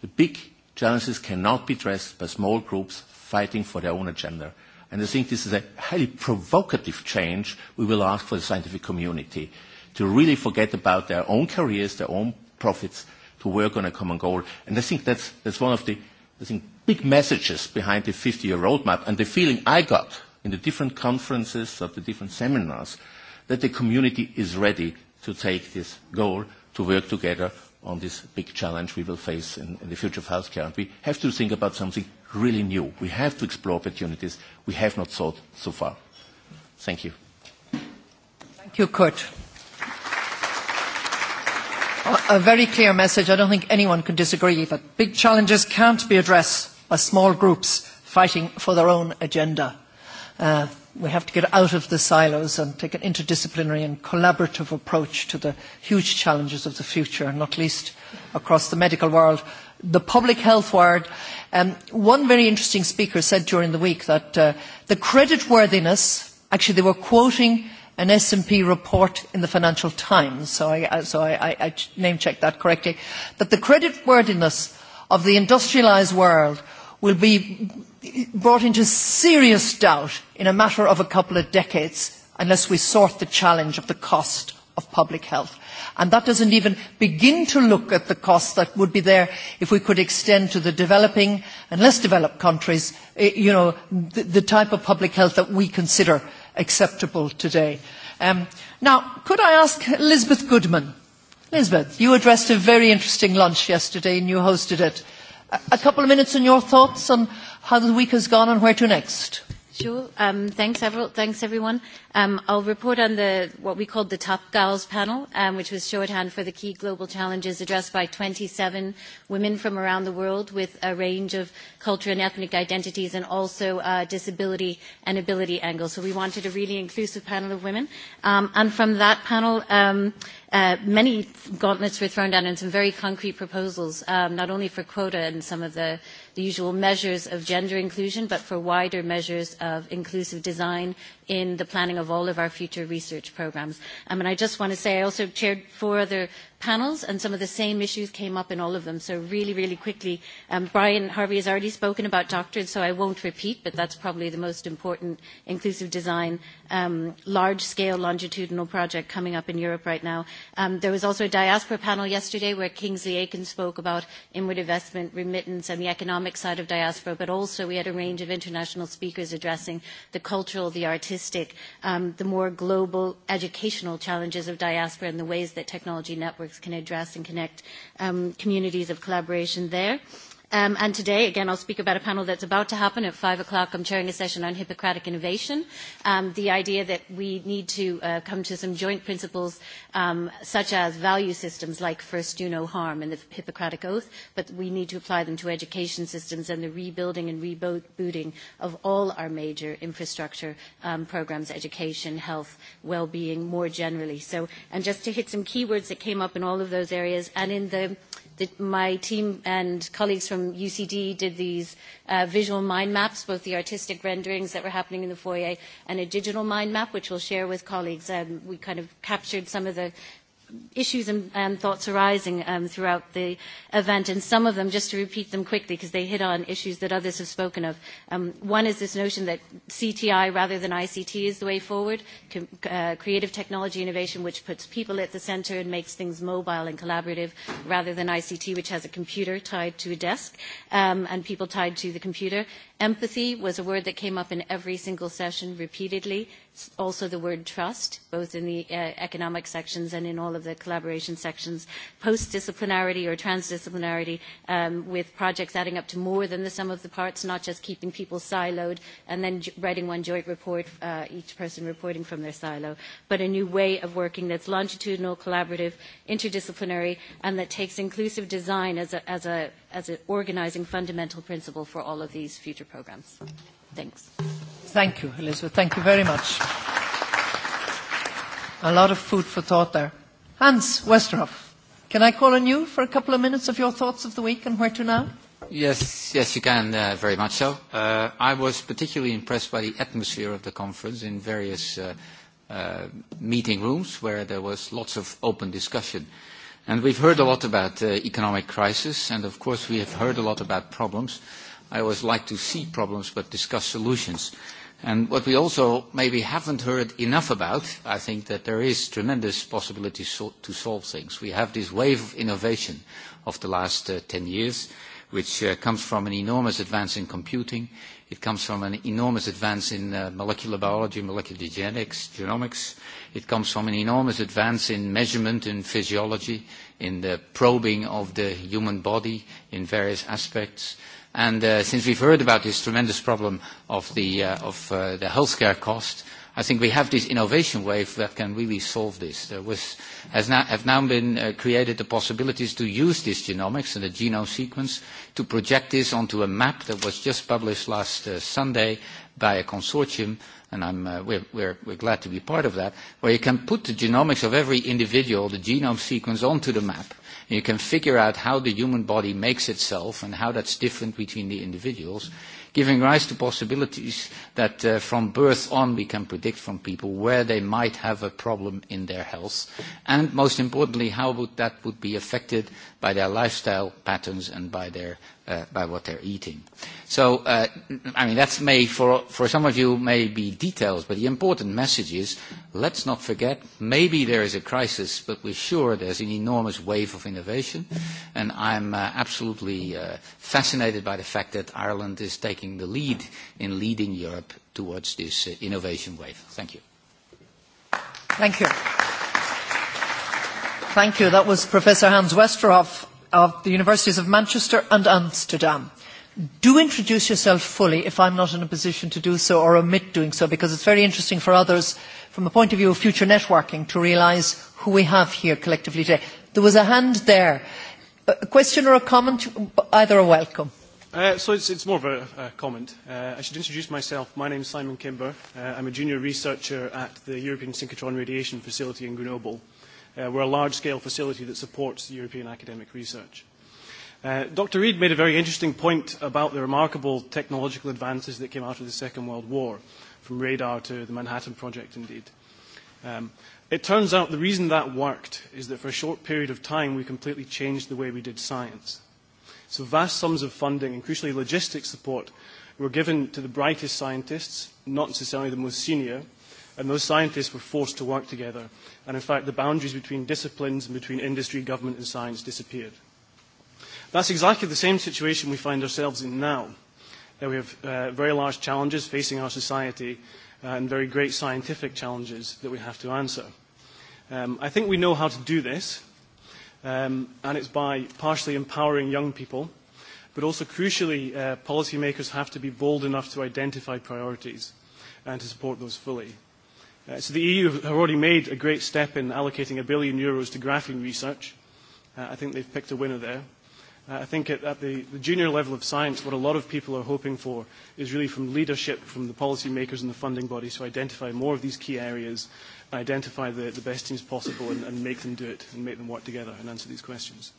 The big challenges cannot be addressed by small groups fighting for their own agenda. And I think this is a highly provocative change we will ask for the scientific community to really forget about their own careers, their own profits, to work on a common goal. And I think that's, that's one of the I think, big messages behind the 50-year roadmap. And the feeling I got in the different conferences, at the different seminars, that the community is ready to take this goal, to work together on this big challenge we will face in, in the future of healthcare. And we have to think about something really new. We have to explore opportunities we have not thought so far. Thank you. Thank you, Kurt. A very clear message. I don't think anyone could disagree that big challenges can't be addressed by small groups fighting for their own agenda. Uh, we have to get out of the silos and take an interdisciplinary and collaborative approach to the huge challenges of the future, not least across the medical world. The public health world, um, one very interesting speaker said during the week that uh, the credit worthiness, actually they were quoting an S&P report in the Financial Times, so I, uh, so I, I, I name-checked that correctly, that the credit worthiness of the industrialized world will be brought into serious doubt in a matter of a couple of decades unless we sort the challenge of the cost of public health. And that doesn't even begin to look at the costs that would be there if we could extend to the developing and less developed countries, eh, you know, the, the type of public health that we consider acceptable today. Um, now, could I ask Elizabeth Goodman? Elizabeth, you addressed a very interesting lunch yesterday and you hosted it. A, a couple of minutes on your thoughts on how the week has gone and where to next. Sure. Um, thanks, Avril. Thanks, everyone. Um, I'll report on the what we called the Top Gals panel, um, which was shorthand for the key global challenges addressed by 27 women from around the world with a range of culture and ethnic identities and also uh, disability and ability angles. So we wanted a really inclusive panel of women. Um, and from that panel, um, uh, many gauntlets were thrown down and some very concrete proposals, um, not only for quota and some of the uh, the usual measures of gender inclusion, but for wider measures of inclusive design in the planning of all of our future research programs. Um, and I just want to say I also chaired four other panels, and some of the same issues came up in all of them. So really, really quickly, um, Brian Harvey has already spoken about doctrine, so I won't repeat, but that's probably the most important inclusive design um, large-scale longitudinal project coming up in Europe right now. Um, there was also a diaspora panel yesterday where Kingsley Aiken spoke about inward investment, remittance, and the economic side of diaspora, but also we had a range of international speakers addressing the cultural, the artistic, um, the more global educational challenges of diaspora and the ways that technology networks networks can address and connect um, communities of collaboration there. Um, and today, again, I'll speak about a panel that's about to happen at 5 o'clock. I'm chairing a session on Hippocratic innovation, um, the idea that we need to uh, come to some joint principles um, such as value systems like first do no harm and the Hippocratic oath, but we need to apply them to education systems and the rebuilding and rebooting of all our major infrastructure um, programs, education, health, well-being more generally. So, and just to hit some keywords that came up in all of those areas and in the the, my team and colleagues from UCD did these uh, visual mind maps, both the artistic renderings that were happening in the foyer and a digital mind map, which we'll share with colleagues. Um, we kind of captured some of the issues and, and thoughts arising um, throughout the event, and some of them, just to repeat them quickly, because they hit on issues that others have spoken of. Um, one is this notion that CTI rather than ICT is the way forward, com- uh, creative technology innovation, which puts people at the center and makes things mobile and collaborative, rather than ICT, which has a computer tied to a desk um, and people tied to the computer. Empathy was a word that came up in every single session repeatedly, also the word trust, both in the uh, economic sections and in all of the collaboration sections, post-disciplinarity or transdisciplinarity um, with projects adding up to more than the sum of the parts, not just keeping people siloed and then writing one joint report, uh, each person reporting from their silo, but a new way of working that's longitudinal, collaborative, interdisciplinary, and that takes inclusive design as an as a, as a organizing fundamental principle for all of these future programs. Thanks. Thank you, Elizabeth. Thank you very much. A lot of food for thought there. Hans Westerhoff, can I call on you for a couple of minutes of your thoughts of the week and where to now? Yes, yes, you can, uh, very much so. Uh, I was particularly impressed by the atmosphere of the conference in various uh, uh, meeting rooms where there was lots of open discussion. And we've heard a lot about the uh, economic crisis, and of course we have heard a lot about problems. Uh, I always like to see problems but discuss solutions. And what we also maybe haven't heard enough about, I think that there is tremendous possibility so to solve things. We have this wave of innovation of the last uh, 10 years, which uh, comes from an enormous advance in computing. It comes from an enormous advance in uh, molecular biology, molecular genetics, genomics. It comes from an enormous advance in measurement, in physiology, in the probing of the human body in various aspects. Uh, And uh, since we've heard about this tremendous problem of the, uh, of, uh, the healthcare cost, I think we have this innovation wave that can really solve this. There was, has now, have now been uh, created the possibilities to use this genomics and the genome sequence to project this onto a map that was just published last uh, Sunday by a consortium, and I'm, uh, we're, we're, we're glad to be part of that, where you can put the genomics of every individual, the genome sequence, onto the map you can figure out how the human body makes itself and how that's different between the individuals, giving rise to possibilities that uh, from birth on we can predict from people where they might have a problem in their health, and most importantly, how would that would be affected by their lifestyle patterns and by their uh, by what they're eating. So, uh, I mean, that may, for, for some of you, may be details, but the important message is, let's not forget, maybe there is a crisis, but we're sure there's an enormous wave of innovation, and I'm uh, absolutely uh, fascinated by the fact that Ireland is taking the lead in leading Europe towards this uh, innovation wave. Thank you. Thank you. Thank you. That was Professor Hans Westerhoff of the Universities of Manchester and Amsterdam. Do introduce yourself fully if I'm not in a position to do so or omit doing so because it's very interesting for others from a point of view of future networking to realise who we have here collectively today. There was a hand there. A question or a comment, either a welcome. Uh, so it's, it's more of a, a comment. Uh, I should introduce myself. My name is Simon Kimber. Uh, I'm a junior researcher at the European Synchrotron Radiation Facility in Grenoble. Uh, we're a large-scale facility that supports European academic research. Uh, Dr. Reid made a very interesting point about the remarkable technological advances that came out of the Second World War, from radar to the Manhattan Project, indeed. Um, it turns out the reason that worked is that for a short period of time, we completely changed the way we did science. So vast sums of funding, and crucially logistics support, were given to the brightest scientists, not necessarily the most senior, and those scientists were forced to work together and in fact the boundaries between disciplines and between industry, government and science disappeared. That's exactly the same situation we find ourselves in now. Uh, we have uh, very large challenges facing our society uh, and very great scientific challenges that we have to answer. Um, I think we know how to do this, um, and it's by partially empowering young people, but also crucially, uh, policymakers have to be bold enough to identify priorities and to support those fully. Uh, so the EU have already made a great step in allocating a billion euros to graphene research. Uh, I think they've picked a winner there. Uh, I think at, at the, the junior level of science, what a lot of people are hoping for is really from leadership from the policymakers and the funding bodies to identify more of these key areas, identify the, the best teams possible, and, and make them do it, and make them work together and answer these questions.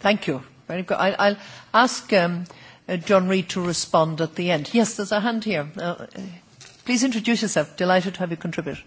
Thank you. Very good. I, I'll ask um, uh, John Reed to respond at the end. Yes, there's a hand here. Uh, Please introduce yourself. Delighted to have you contribute.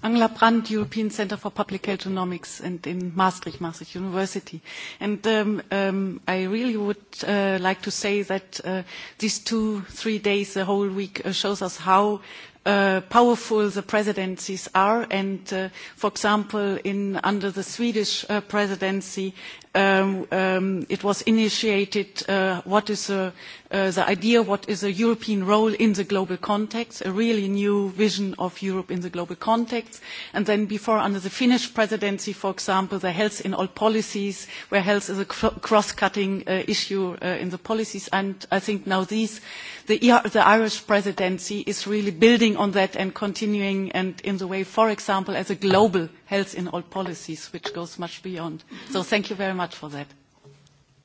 Angela Brandt, European Center for Public Health Economics and in Maastricht, Maastricht University. And um, um, I really would uh, like to say that uh, these two, three days, the whole week uh, shows us how uh, powerful the presidencies are and uh, for example in under the Swedish uh, presidency um, um, it was initiated uh, what is a, uh, uh, the idea, what is a European role in the global context, a really new vision of Europe in the global context. And then before, under the Finnish presidency, for example, the health in all policies, where health is a cr cross-cutting uh, issue uh, in the policies. And I think now these, the, e the Irish presidency is really building on that and continuing and in the way, for example, as a global health in all policies, which goes much beyond. So thank you very much for that.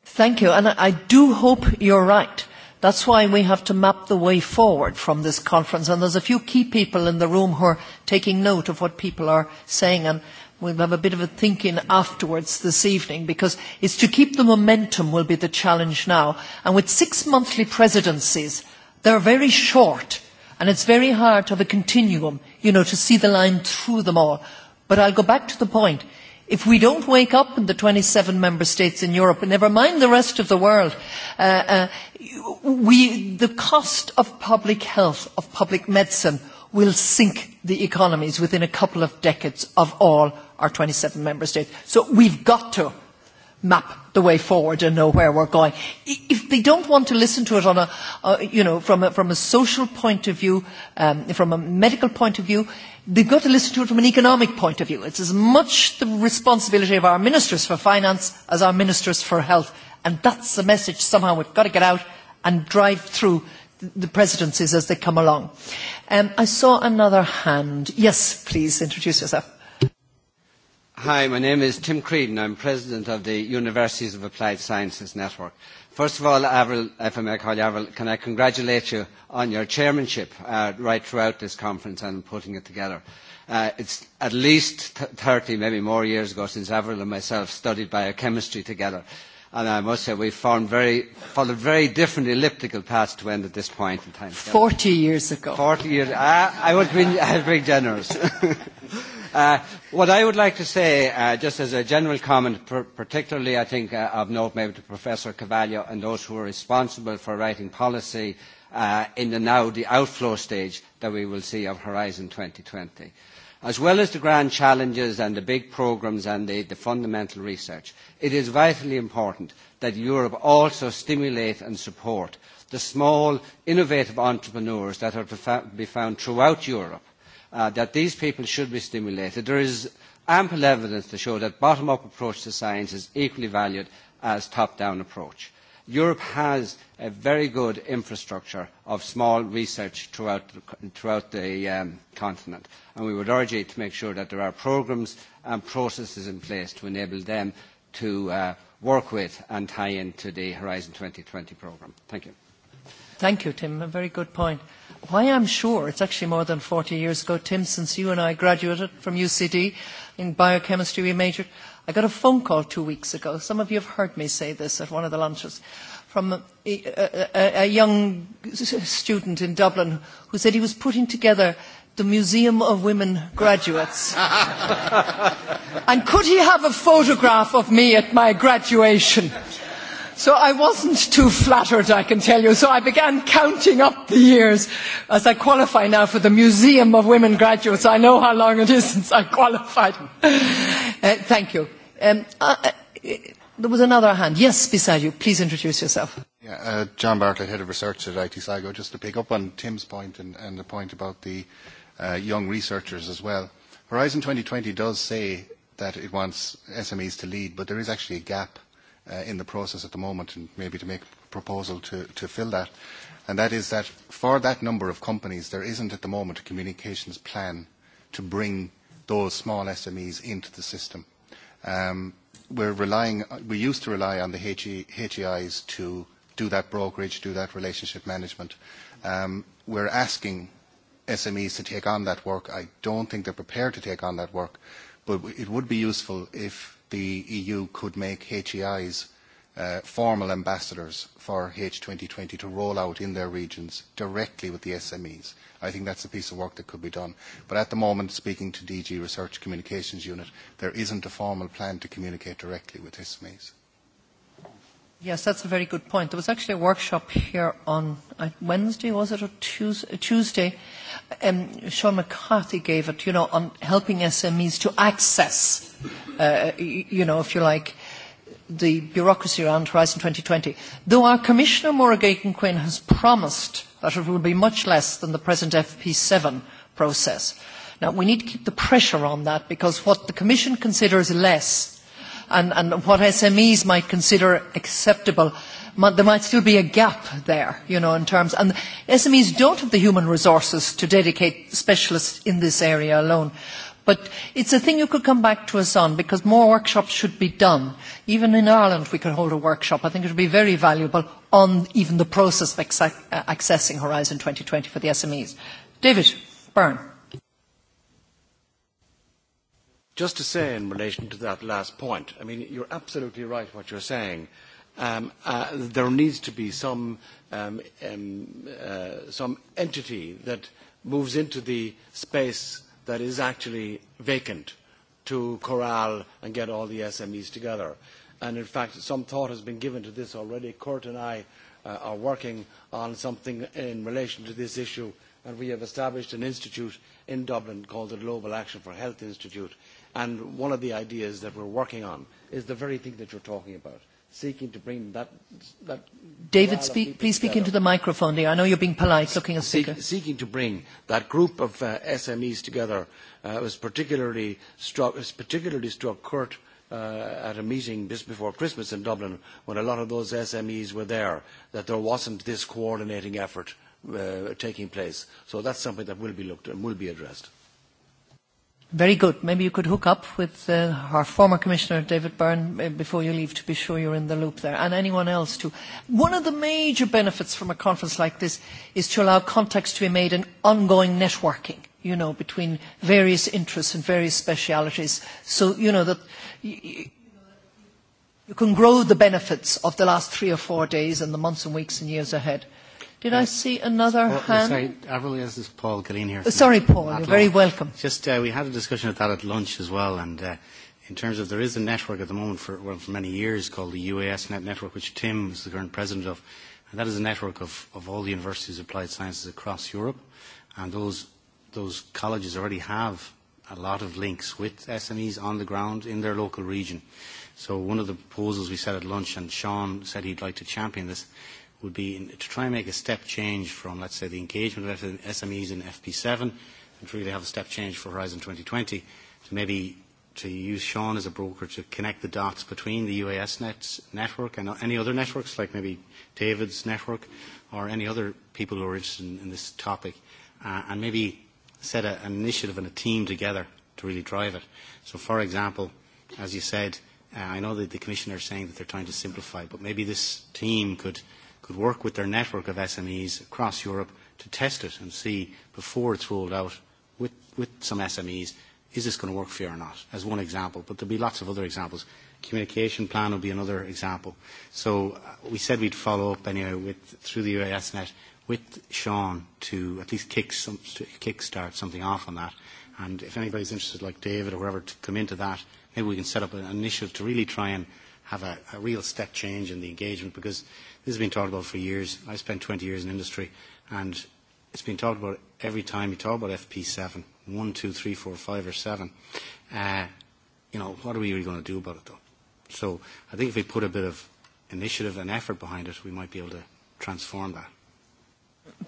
Thank you. And I do hope you're right. That's why we have to map the way forward from this conference. And there's a few key people in the room who are taking note of what people are saying. And we'll have a bit of a thinking afterwards this evening because it's to keep the momentum will be the challenge now. And with six monthly presidencies, they're very short. And it's very hard to have a continuum, you know, to see the line through them all. But I'll go back to the point. If we don't wake up in the 27 member states in Europe, and never mind the rest of the world, uh, uh, we, the cost of public health, of public medicine, will sink the economies within a couple of decades of all our 27 member states. So we've got to map the way forward and know where we're going. If they don't want to listen to it on a, uh, you know, from a, from a social point of view, um, from a medical point of view, uh, They've got to listen to it from an economic point of view. It's as much the responsibility of our ministers for finance as our ministers for health. And that's the message somehow we've got to get out and drive through the presidencies as they come along. Um, I saw another hand. Yes, please introduce yourself. Hi, my name is Tim Creedon. I'm president of the Universities of Applied Sciences Network. Uh, First of all, Avril, if I may call you Avril, can I congratulate you on your chairmanship uh, right throughout this conference and putting it together. Uh, it's at least t- 30, maybe more years ago since Avril and myself studied biochemistry together. And I must say we formed very, followed very different elliptical paths to end at this point in time. Together. 40 years ago. 40 years. I, ah, I would be, I'd be generous. (laughs) Uh, what I would like to say, uh, just as a general comment, per- particularly I think uh, of note maybe to Professor Cavaglio and those who are responsible for writing policy uh, in the now the outflow stage that we will see of Horizon 2020 as well as the grand challenges and the big programs and the, the fundamental research, it is vitally important that Europe also stimulate and support the small, innovative entrepreneurs that are to fa- be found throughout Europe uh, that these people should be stimulated. There is ample evidence to show that bottom-up approach to science is equally valued as top-down approach. Europe has a very good infrastructure of small research throughout, throughout the um, continent, and we would urge you to make sure that there are programs and processes in place to enable them to uh, work with and tie into the Horizon 2020 program. Thank you. Thank you, Tim. A very good point why I'm sure, it's actually more than 40 years ago, Tim, since you and I graduated from UCD in biochemistry we majored, I got a phone call two weeks ago. Some of you have heard me say this at one of the lunches from a, a, a young student in Dublin who said he was putting together the Museum of Women Graduates. (laughs) and could he have a photograph of me at my graduation? So I wasn't too flattered, I can tell you. So I began counting up the years as I qualify now for the Museum of Women Graduates. I know how long it is (laughs) since I qualified. Uh, thank you. Um, uh, uh, there was another hand. Yes, beside you. Please introduce yourself. Yeah, uh, John Bartlett, Head of Research at IT SIGO. Just to pick up on Tim's point and, and the point about the uh, young researchers as well. Horizon 2020 does say that it wants SMEs to lead, but there is actually a gap uh, in the process at the moment and maybe to make a proposal to, to fill that. And that is that for that number of companies, there isn't at the moment a communications plan to bring those small SMEs into the system. Um, we're relying, uh, we used to rely on the HE, HEIs to do that brokerage, do that relationship management. Um, we're asking SMEs to take on that work. I don't think they're prepared to take on that work, but it would be useful if the EU could make HEIs uh, formal ambassadors for H2020 to roll out in their regions directly with the SMEs. I think that's a piece of work that could be done. But at the moment, speaking to DG Research Communications Unit, there isn't a formal plan to communicate directly with SMEs. Yes, that's a very good point. There was actually a workshop here on uh, Wednesday, was it, or uh, Tuesday? Um, Sean McCarthy gave it, you know, on helping SMEs to access, uh, you know, if you like, the bureaucracy around Horizon 2020. Though our Commissioner, Morrigan Quinn, has promised that it will be much less than the present FP7 process. Now, we need to keep the pressure on that because what the Commission considers less and, and what SMEs might consider acceptable, there might still be a gap there, you know, in terms. And SMEs don't have the human resources to dedicate specialists in this area alone. But it's a thing you could come back to us on because more workshops should be done. Even in Ireland, we could hold a workshop. I think it would be very valuable on even the process of uh, accessing Horizon 2020 for the SMEs. David Byrne. Just to say in relation to that last point, I mean, you're absolutely right what you're saying. Um, uh, there needs to be some, um, um, uh, some entity that moves into the space that is actually vacant to corral and get all the SMEs together. And in fact, some thought has been given to this already. Kurt and I uh, are working on something in relation to this issue, and we have established an institute in Dublin called the Global Action for Health Institute, uh, And one of the ideas that we're working on is the very thing that you're talking about, seeking to bring that... that David, speak, please speak into the microphone there. I know you're being polite, looking at speaker. Seek, seeking to bring that group of uh, SMEs together uh, was particularly struck, was particularly struck Kurt, uh, at a meeting just before Christmas in Dublin when a lot of those SMEs were there, that there wasn't this coordinating effort uh, taking place. So that's something that will be looked at and will be addressed. Very good. Maybe you could hook up with uh, our former commissioner, David Byrne, uh, before you leave to be sure you're in the loop there, and anyone else too. One of the major benefits from a conference like this is to allow contacts to be made and ongoing networking, you know, between various interests and various specialities. So, you know, that you, you can grow the benefits of the last three or four days and the months and weeks and years ahead. Did yes. I see another Paul, oh, hand? Sorry, Averly, this is Paul Green here. Uh, sorry, Paul, Athlone. you're very welcome. Just uh, we had a discussion of that at lunch as well, and uh, in terms of there is a network at the moment for well for many years called the UAS Net Network, which Tim is the current president of, and that is a network of, of all the universities of applied sciences across Europe, and those those colleges already have a lot of links with SMEs on the ground in their local region. So one of the proposals we said at lunch, and Sean said he'd like to champion this, would be in, to try and make a step change from, let's say, the engagement of SMEs in FP7 and to really have a step change for Horizon 2020 to maybe to use Sean as a broker to connect the dots between the UAS net, network and any other networks, like maybe David's network or any other people who are interested in, in this topic, uh, and maybe set a, an initiative and a team together to really drive it. So, for example, as you said, uh, I know that the Commissioner is saying that they're trying to simplify, but maybe this team could – could work with their network of SMEs across Europe to test it and see before it's rolled out with, with some SMEs, is this going to work for you or not, as one example. But there'll be lots of other examples. Communication plan will be another example. So uh, we said we'd follow up anyway with, through the UAS net with Sean to at least kick some, to kickstart something off on that. And if anybody's interested, like David or whoever, to come into that, maybe we can set up an initiative to really try and have a, a real step change in the engagement because – This has been talked about for years. I spent 20 years in industry, and it's been talked about every time you talk about FP7, one, two, three, four, five, or seven. Uh, you know, what are we really going to do about it, though? So I think if we put a bit of initiative and effort behind it, we might be able to transform that.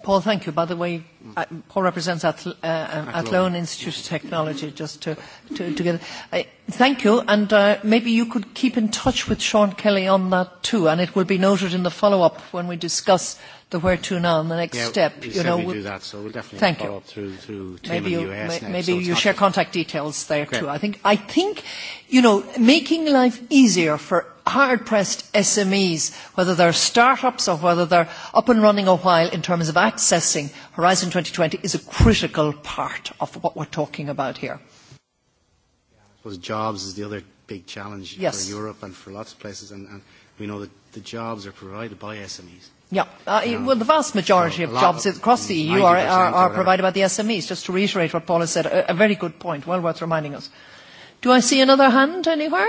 Paul, thank you. By the way, mm. Paul represents uh, uh, Athlone uh, Athlone Institute of Technology, just to, to, to get uh, Thank you, and uh, maybe you could keep in touch with Sean Kelly on that too, and it will be noted in the follow-up when we discuss the where to now and the next yeah, step. You, you know, we'll do that, so we'll definitely thank follow you. up through, through team maybe in the US may, next, Maybe so you share just... contact details there Great. too. I think, I think, you know, making life easier for hard pressed SMEs, whether they're startups or whether they're up and running a while in terms of accessing Horizon 2020 is a critical part of what we're talking about here. I suppose jobs is the other big challenge yes. for Europe and for lots of places, and, and we know that the jobs are provided by SMEs. Yeah, uh, you know, well, the vast majority so of jobs of, across the EU are, are, are provided by the SMEs. Just to reiterate what Paula said, a, a very good point, well worth reminding us. Do I see another hand anywhere?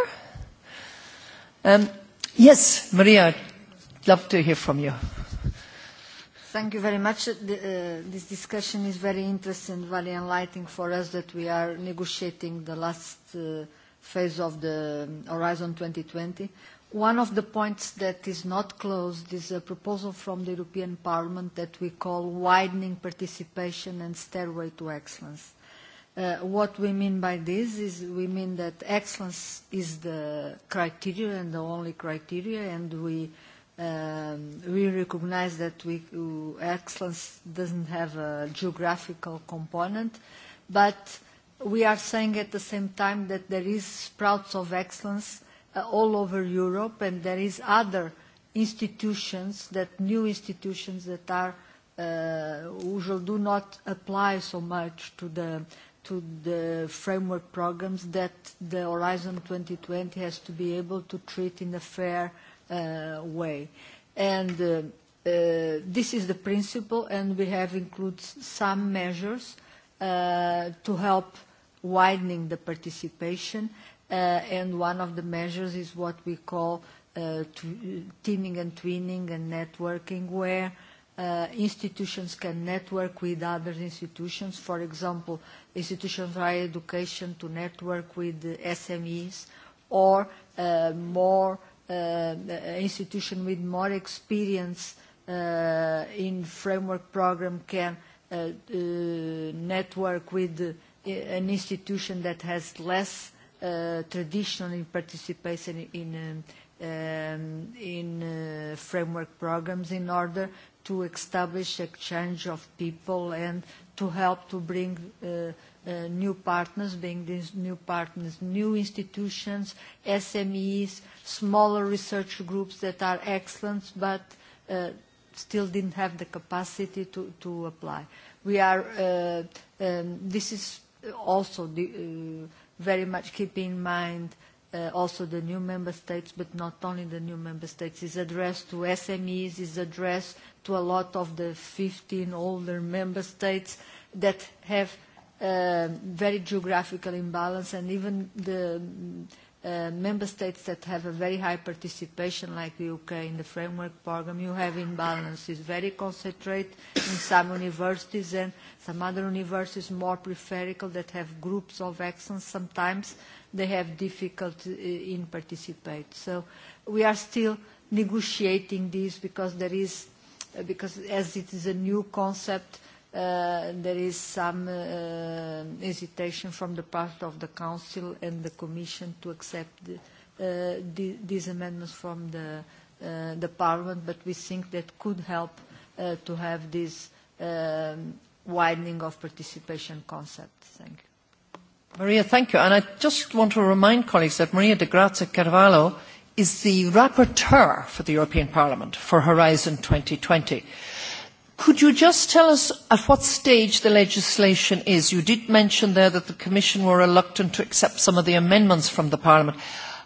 Um, yes, Maria, I'd love to hear from you. Thank you very much. The, uh, this discussion is very interesting, very enlightening for us that we are negotiating the last uh, phase of the um, Horizon 2020. One of the points that is not closed is a proposal from the European Parliament that we call widening participation and stairway to excellence. Uh, what we mean by this is we mean that excellence is the criteria and the only criteria, and we um, we recognize that we, uh, excellence doesn't have a geographical component, but we are saying at the same time that there is sprouts of excellence uh, all over Europe, and there is other institutions, that new institutions that are uh, usual do not apply so much to the uh, to the framework programs that the Horizon 2020 has to be able to treat in a fair uh, way. And uh, Uh, this is the principle, and we have included some measures uh, to help widening the participation. Uh, and one of the measures is what we call uh, teaming and twinning and networking, where uh, institutions can network with other institutions, for example, institutions of higher education to network with SMEs or uh, more uh, institution with more experience uh, in framework program can uh, uh, network with uh, an institution that has less uh, traditional in participation in um, um, in uh, framework programs in order to establish exchange of people and to help to bring uh, uh, new partners, bring these new partners, new institutions, SMEs, smaller research groups that are excellent but uh, still didn't have the capacity to, to apply. We are, uh, um, this is also the, uh, very much keep in mind uh, uh, also the new member states, but not only the new member states, is addressed to SMEs, is addressed to a lot of the 15 older member states that have uh, very geographical imbalance and even the uh, member states that have a very high participation like the UK in the framework program, you have imbalances very concentrated in some universities and some other universities more peripheral that have groups of excellence sometimes uh, they have difficulty uh, in participate. So we are still negotiating this because there is, uh, because as it is a new concept, uh, there is some uh, hesitation from the part of the Council and the Commission to accept the, uh, the, these amendments from the, uh, the Parliament, but we think that could help uh, to have this um, widening of participation concept. Thank you. Maria, thank you. And I just want to remind colleagues that Maria de Grazia Carvalho is the rapporteur for the European Parliament for Horizon 2020. Could you just tell us at what stage the legislation is? You did mention there that the Commission were reluctant to accept some of the amendments from the Parliament.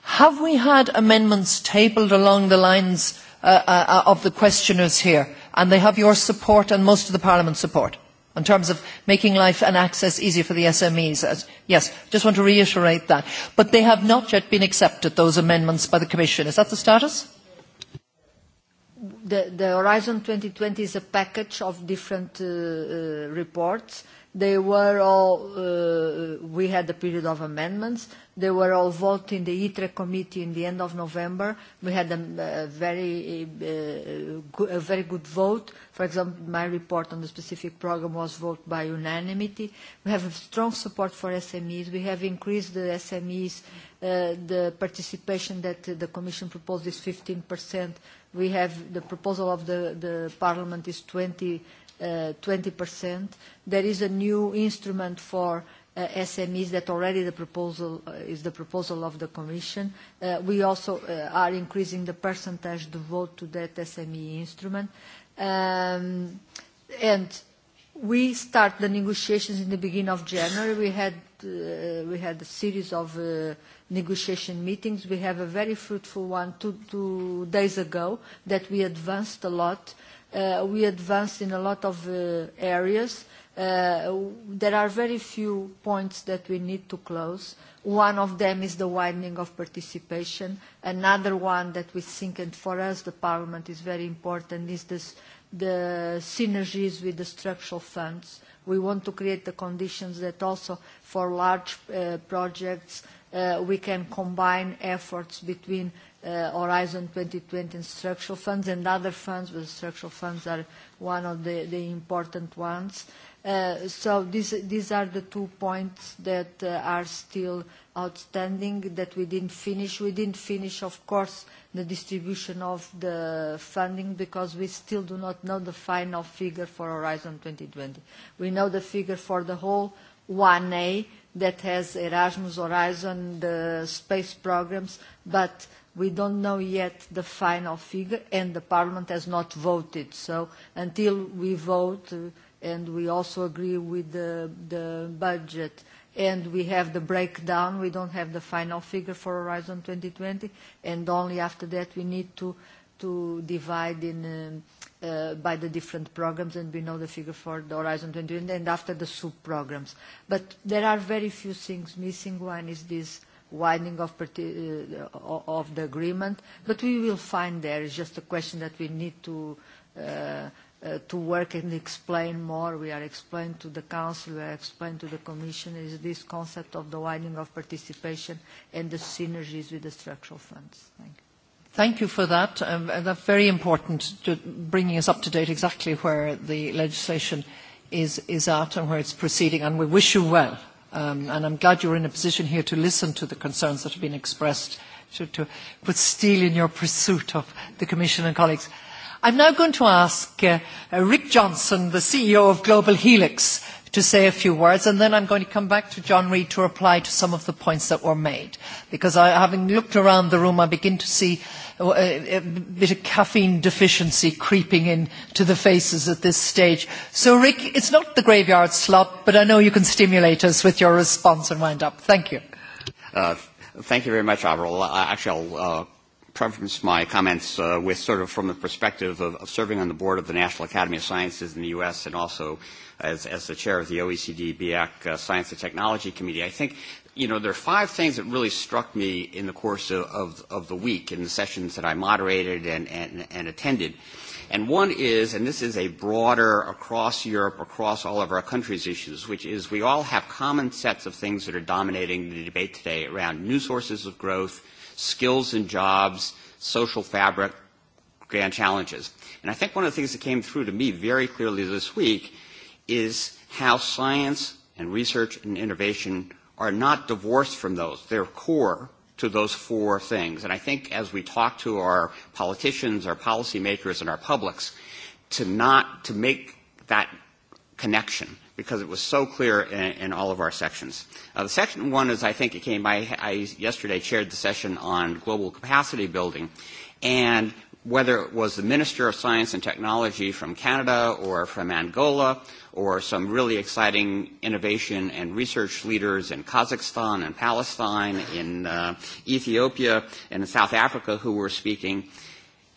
Have we had amendments tabled along the lines uh, uh, uh of the questioners here? And they have your support and most of the Parliament's support? Uh, in terms of making life and access easier for the SMEs. As, uh, yes, just want to reiterate that. But they have not yet been accepted, those amendments by the Commission. Is that the status? The, the Horizon 2020 is a package of different uh, uh, reports. Uh, They were all, uh, we had a period of amendments. They were all voted in the ITRE committee in the end of November. We had a, a, very, uh, a very good vote. For example, my report on the specific program was voted by unanimity. We have strong support for SMEs. We have increased the SMEs, uh, the participation that the Commission proposed is 15%. We have the proposal of the, the Parliament is 20 uh, 20%. There is a new instrument for uh, SMEs that already the proposal uh, is the proposal of the Commission. Uh, we also uh, are increasing the percentage devoted to that SME instrument. Um, and we start the negotiations in the beginning of January. We had, uh, we had a series of uh, negotiation meetings. We have a very fruitful one two, two days ago that we advanced a lot. Uh, Uh, we advanced in a lot of uh, areas. Uh, there are very few points that we need to close. One of them is the widening of participation. Another one that we think, and for us, the parliament is very important, is this, the synergies with the structural funds. We want to create the conditions that also for large uh, projects, uh, we can combine efforts between uh, uh, Horizon 2020 and structural funds and other funds, but structural funds are one of the, the important ones. Uh, so these, these are the two points that uh, are still outstanding that we didn't finish. We didn't finish, of course, the distribution of the funding because we still do not know the final figure for Horizon 2020. We know the figure for the whole 1A that has Erasmus Horizon, the space programs, but uh, We don't know yet the final figure, and the Parliament has not voted. So until we vote, uh, and we also agree with the, the budget, and we have the breakdown, we don't have the final figure for Horizon 2020, and only after that we need to, to divide in, um, uh, by the different programs, and we know the figure for the Horizon 2020, and after the sub-programs. But there are very few things missing. One is this widening of, uh, of the agreement, but we will find there. It's just a question that we need to, uh, uh, to work and explain more. We are explaining to the Council, we are explaining to the Commission, is this concept of the widening of participation and the synergies with the structural funds. Thank you. Thank you for that. Um, that's very important to bringing us up to date exactly where the legislation is, is at and where it's proceeding, and we wish you well um, and I'm glad you're in a position here to listen to the concerns that have been expressed, to, to put steel in your pursuit of the Commission and colleagues. I'm now going to ask uh, uh, Rick Johnson, the CEO of Global Helix, to say a few words, and then I'm going to come back to John Reid to reply to some of the points that were made. Because I, having looked around the room, I begin to see a, uh, uh, a bit of caffeine deficiency creeping into the faces at this stage. So, Rick, it's not the graveyard slot, but I know you can stimulate us with your response and wind up. Thank you. Uh, thank you very much, Avril. Uh, actually, I'll uh, preference my comments uh, with sort of from the perspective of, of serving on the board of the National Academy of Sciences in the U.S. and also as, as the chair of the OECD BIAC uh, Science and Technology Committee. I think, you know, there are five things that really struck me in the course of, of, of the week in the sessions that I moderated and, and, and attended. And one is, and this is a broader across Europe, across all of our countries issues, which is we all have common sets of things that are dominating the debate today around new sources of growth, skills and jobs, social fabric, grand challenges. And I think one of the things that came through to me very clearly this week is how science and research and innovation are not divorced from those. They're core to those four things. And I think as we talk to our politicians, our policymakers, and our publics, to not to make that connection because it was so clear in, in all of our sections. Uh, the section one is, I think it came, I, I yesterday chaired the session on global capacity building, and whether it was the Minister of Science and Technology from Canada or from Angola or some really exciting innovation and research leaders in Kazakhstan and Palestine, in uh, Ethiopia and in South Africa who were speaking,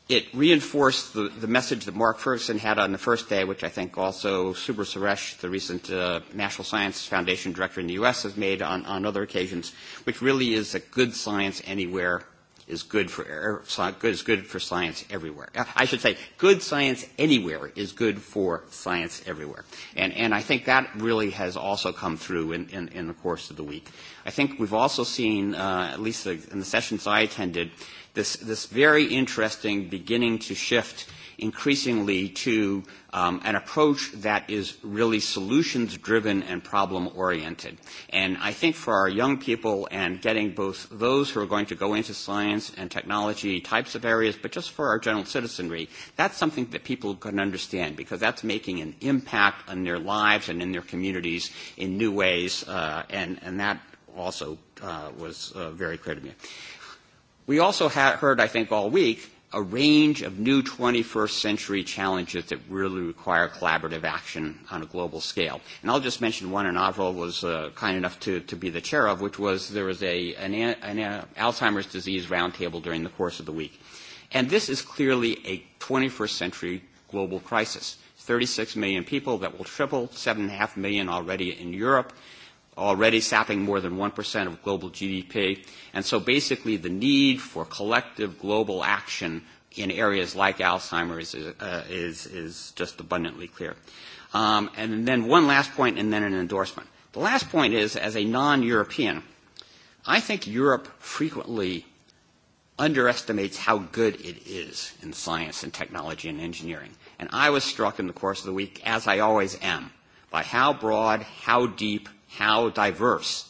it reinforced the, the message that Mark Ferguson had on the first day, which I think also Subra Suresh, the recent uh, National Science Foundation director in the U.S., has made on, on other occasions, which really is that good science anywhere is good for is good for science everywhere. Uh, I should say, good science anywhere is good for science everywhere, and and I think that really has also come through in in, in the course of the week. I think we've also seen, uh, at least in the sessions I attended, this this very interesting beginning to shift increasingly to um, an approach that is really solutions driven and problem oriented. And I think for our young people and getting both those who are going to go into science and technology types of areas, but just for our general citizenry, that's something that people can understand because that's making an impact on their lives and in their communities in new ways, uh, and, and that also uh, was uh, very clear to me. We also ha- heard, I think, all week a range of new 21st century challenges that really require collaborative action on a global scale. And I'll just mention one, and Avril was uh, kind enough to, to be the chair of, which was there was a, an, an uh, Alzheimer's disease roundtable during the course of the week. And this is clearly a 21st century global crisis. 36 million people that will triple, 7.5 million already in Europe. Uh, already sapping more than 1% of global GDP. And so basically the need for collective global action in areas like Alzheimer's is, uh, is, is just abundantly clear. Um, and then one last point and then an endorsement. The last point is, as a non-European, I think Europe frequently underestimates how good it is in science and technology and engineering. And I was struck in the course of the week, as I always am, by how broad, how deep, how diverse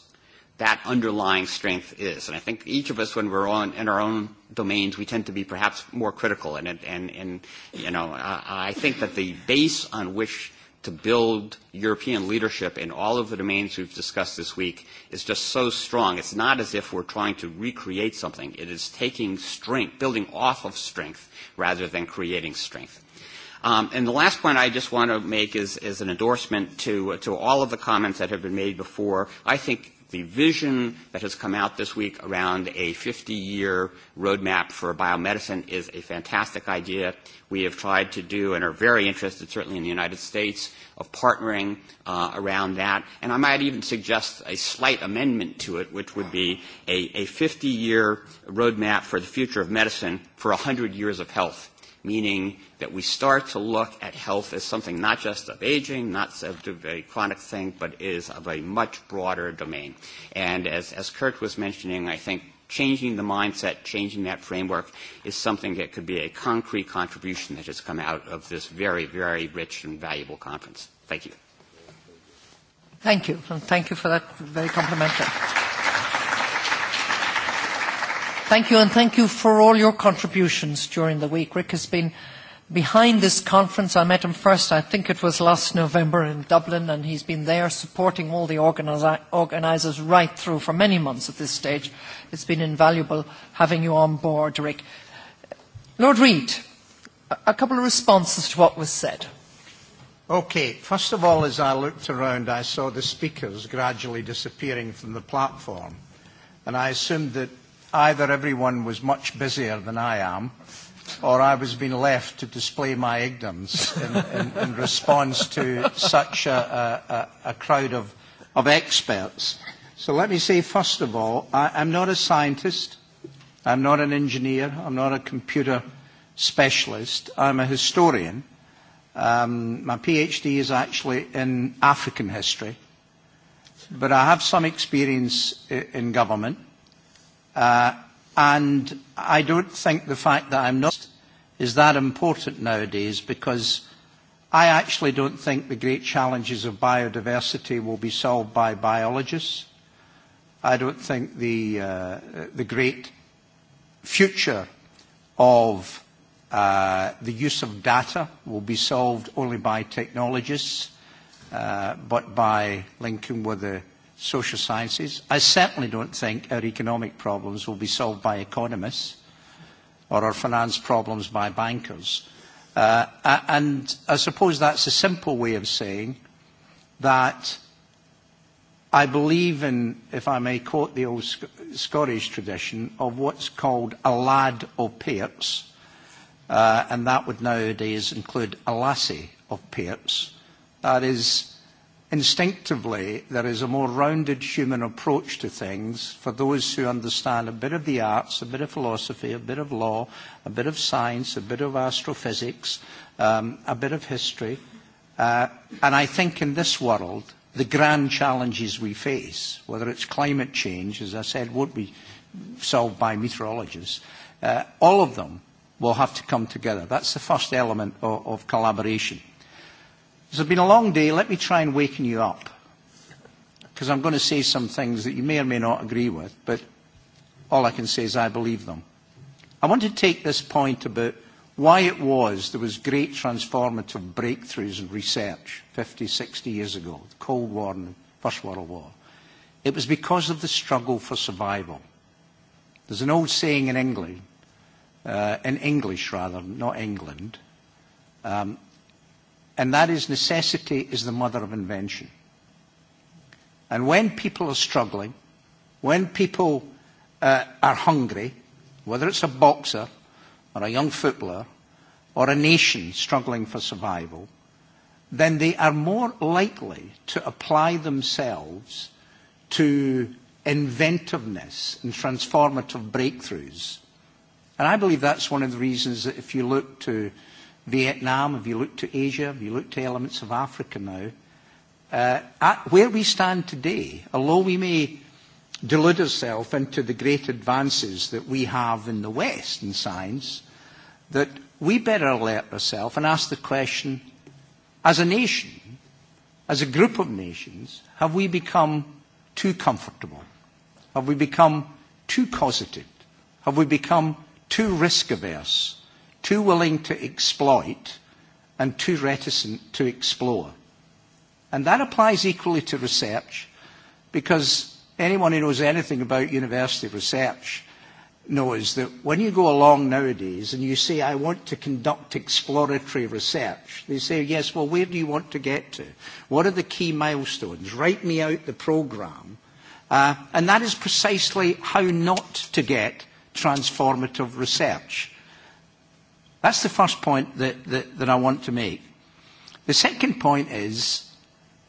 that underlying strength is. And I think each of us, when we're on in our own domains, we tend to be perhaps more critical. And and and you know, uh, I think that the base on which to build European leadership in all of the domains we've discussed this week is just so strong. It's not as if we're trying to recreate something. It is taking strength, building off of strength, rather than creating strength. Um, and the last point I just want to make is, is an endorsement to, uh, to all of the comments that have been made before. I think the vision that has come out this week around a 50-year roadmap for biomedicine is a fantastic idea. We have tried to do and are very interested, certainly in the United States, of partnering uh, around that. And I might even suggest a slight amendment to it, which would be a, a 50-year roadmap for the future of medicine for 100 years of health meaning that we start to look at health as something not just of aging, not of a chronic thing, but is of a much broader domain. And as, as Kurt was mentioning, I think changing the mindset, changing that framework is something that could be a concrete contribution that has come out of this very, very rich and valuable conference. Thank you. Thank you. And thank you for that very complimentary. Thank you, and thank you for all your contributions during the week. Rick has been behind this conference. I met him first, I think it was last November in Dublin, and he's been there supporting all the organis- organisers right through for many months at this stage. It's been invaluable having you on board, Rick. Lord Reid, a couple of responses to what was said. Okay, first of all, as I looked around, I saw the speakers gradually disappearing from the platform, and I assumed that either everyone was much busier than I am, or I was being left to display my ignorance in, in, in response to such a, a, a crowd of, of experts. So let me say, first of all, I, I'm not a scientist. I'm not an engineer. I'm not a computer specialist. I'm a historian. Um, my PhD is actually in African history. But I have some experience in government. Uh, and I don't think the fact that I'm not is that important nowadays because I actually don't think the great challenges of biodiversity will be solved by biologists. I don't think the, uh, the great future of uh, the use of data will be solved only by technologists, uh, but by linking with the social sciences. I certainly don't think our economic problems will be solved by economists or our finance problems by bankers. Uh, and I suppose that's a simple way of saying that I believe in, if I may quote the old Sc- Scottish tradition, of what's called a lad of Pearts, uh, and that would nowadays include a lassie of Pearts. That is, instinctively there is a more rounded human approach to things for those who understand a bit of the arts, a bit of philosophy, a bit of law, a bit of science, a bit of astrophysics, um, a bit of history. Uh, and I think in this world, the grand challenges we face, whether it's climate change, as I said, won't be solved by meteorologists, uh, all of them will have to come together. That's the first element of, of collaboration. It's been a long day. Let me try and waken you up because I'm going to say some things that you may or may not agree with, but all I can say is I believe them. I want to take this point about why it was there was great transformative breakthroughs in research 50, 60 years ago, the Cold War and the First World War. It was because of the struggle for survival. There's an old saying in England, uh, in English rather, not England, um, and that is necessity is the mother of invention. And when people are struggling, when people uh, are hungry, whether it's a boxer or a young footballer or a nation struggling for survival, then they are more likely to apply themselves to inventiveness and transformative breakthroughs. And I believe that's one of the reasons that if you look to uh, Vietnam, if you look to Asia, if you look to elements of Africa now, uh, at where we stand today, although we may delude ourselves into the great advances that we have in the West in science, that we better alert ourselves and ask the question, as a nation, as a group of nations, have we become too comfortable? Have we become too causative? Have we become too risk averse? too willing to exploit and too reticent to explore. And that applies equally to research because anyone who knows anything about university research knows that when you go along nowadays and you say, I want to conduct exploratory research, they say, yes, well, where do you want to get to? What are the key milestones? Write me out the programme. Uh, and that is precisely how not to get transformative research. That's the first point that, that, that I want to make. The second point is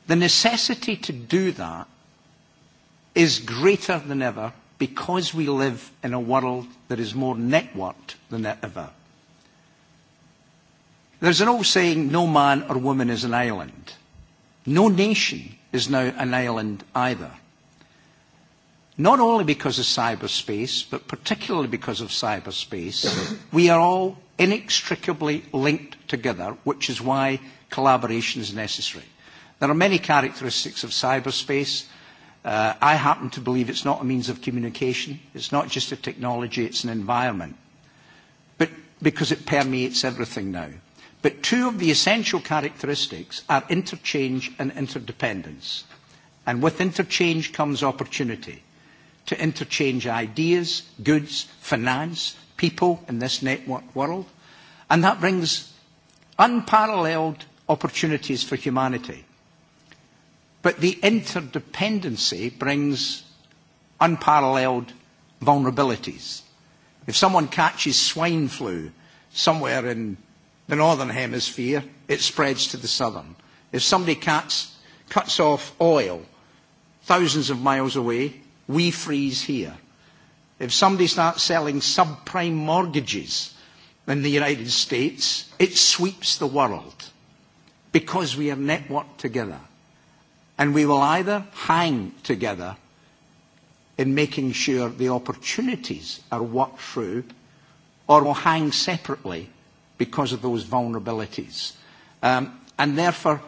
the necessity to do that is greater than ever because we live in a world that is more networked than ever. There's an old saying, no man or woman is an island. No nation is now an island either. Not only because of cyberspace, but particularly because of cyberspace, we are all inextricably linked together, which is why collaboration is necessary. There are many characteristics of cyberspace. Uh, I happen to believe it's not a means of communication. It's not just a technology, it's an environment. But because it permeates everything now. But two of the essential characteristics are interchange and interdependence. And with interchange comes opportunity to interchange ideas, goods, finance, people in this network world, and that brings unparalleled opportunities for humanity. But the interdependency brings unparalleled vulnerabilities. If someone catches swine flu somewhere in the northern hemisphere, it spreads to the southern. If somebody cuts, cuts off oil thousands of miles away, we freeze here. If somebody starts selling subprime mortgages in the United States, it sweeps the world because we are networked together. And we will either hang together in making sure the opportunities are worked through or will hang separately because of those vulnerabilities. Um, and therefore,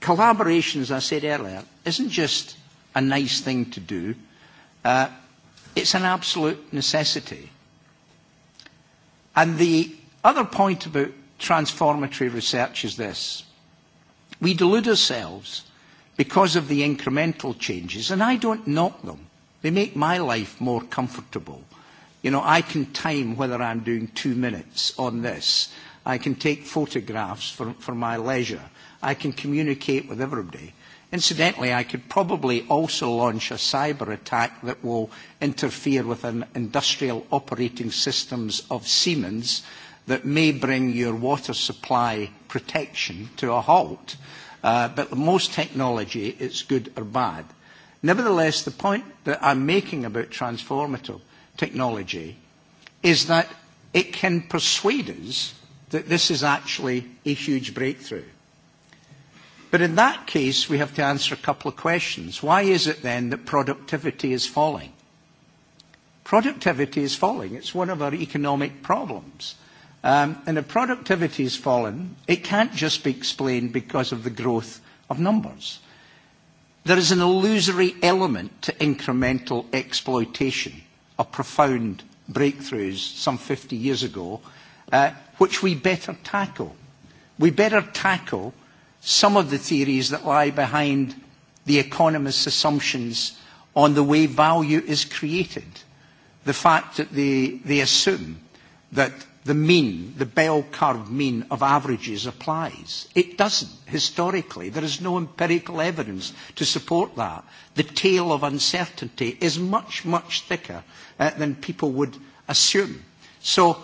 collaboration, as I said earlier, isn't just a nice thing to do. Uh, It's an absolute necessity. And the other point about transformatory research is this. We delude ourselves because of the incremental changes, and I don't knock them. They make my life more comfortable. You know, I can time whether I'm doing two minutes on this. I can take photographs for, for my leisure. I can communicate with everybody. Incidentally, I could probably also launch a cyber attack that will interfere with an industrial operating systems of Siemens that may bring your water supply protection to a halt. Uh, but most technology, it's good or bad. Nevertheless, the point that I'm making about transformative technology is that it can persuade us that this is actually a huge breakthrough. But in that case, we have to answer a couple of questions. Why is it then that productivity is falling? Productivity is falling. It's one of our economic problems. Um, and if productivity has fallen, it can't just be explained because of the growth of numbers. There is an illusory element to incremental exploitation of profound breakthroughs some 50 years ago, uh, which we better tackle. We better tackle some of the theories that lie behind the economists' assumptions on the way value is created. The fact that they, they assume that the mean, the bell curve mean of averages applies. It doesn't, historically. There is no empirical evidence to support that. The tail of uncertainty is much, much thicker uh, than people would assume. So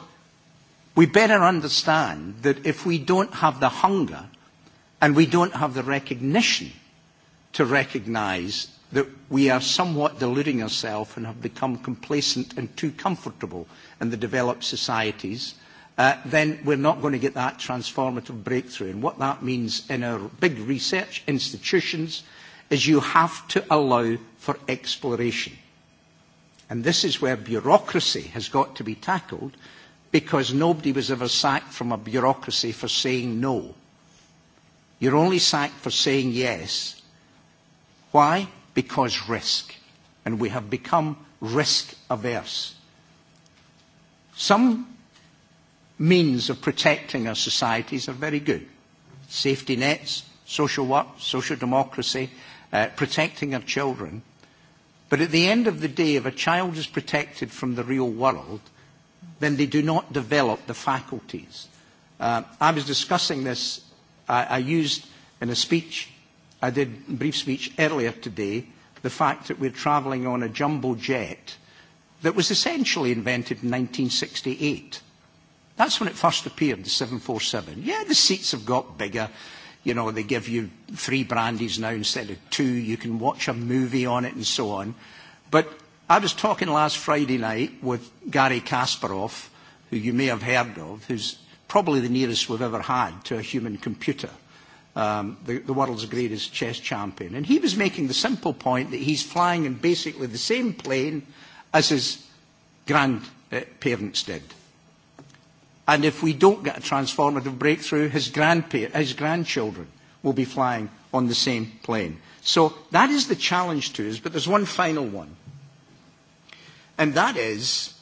we better understand that if we don't have the hunger And we don't have the recognition to recognise that we are somewhat deluding ourselves and have become complacent and too comfortable in the developed societies, uh, then we're not going to get that transformative breakthrough. And what that means in our big research institutions is you have to allow for exploration. And this is where bureaucracy has got to be tackled because nobody was ever sacked from a bureaucracy for saying no. You're only sacked for saying yes. Why? Because risk. And we have become risk averse. Some means of protecting our societies are very good. Safety nets, social work, social democracy, uh, protecting our children. But at the end of the day, if a child is protected from the real world, then they do not develop the faculties. Uh, I was discussing this I, I used in a speech I did a brief speech earlier today the fact that we're travelling on a jumbo jet that was essentially invented in 1968. That's when it first appeared, the 747. Yeah, the seats have got bigger. You know, they give you three brandies now instead of two. You can watch a movie on it and so on. But I was talking last Friday night with Gary Kasparov, who you may have heard of, who's probably the nearest we've ever had to a human computer, um, the, the world's greatest chess champion. And he was making the simple point that he's flying in basically the same plane as his grandparents uh, did. And if we don't get a transformative breakthrough, his, grandpa- his grandchildren will be flying on the same plane. So that is the challenge to us. But there's one final one. And that is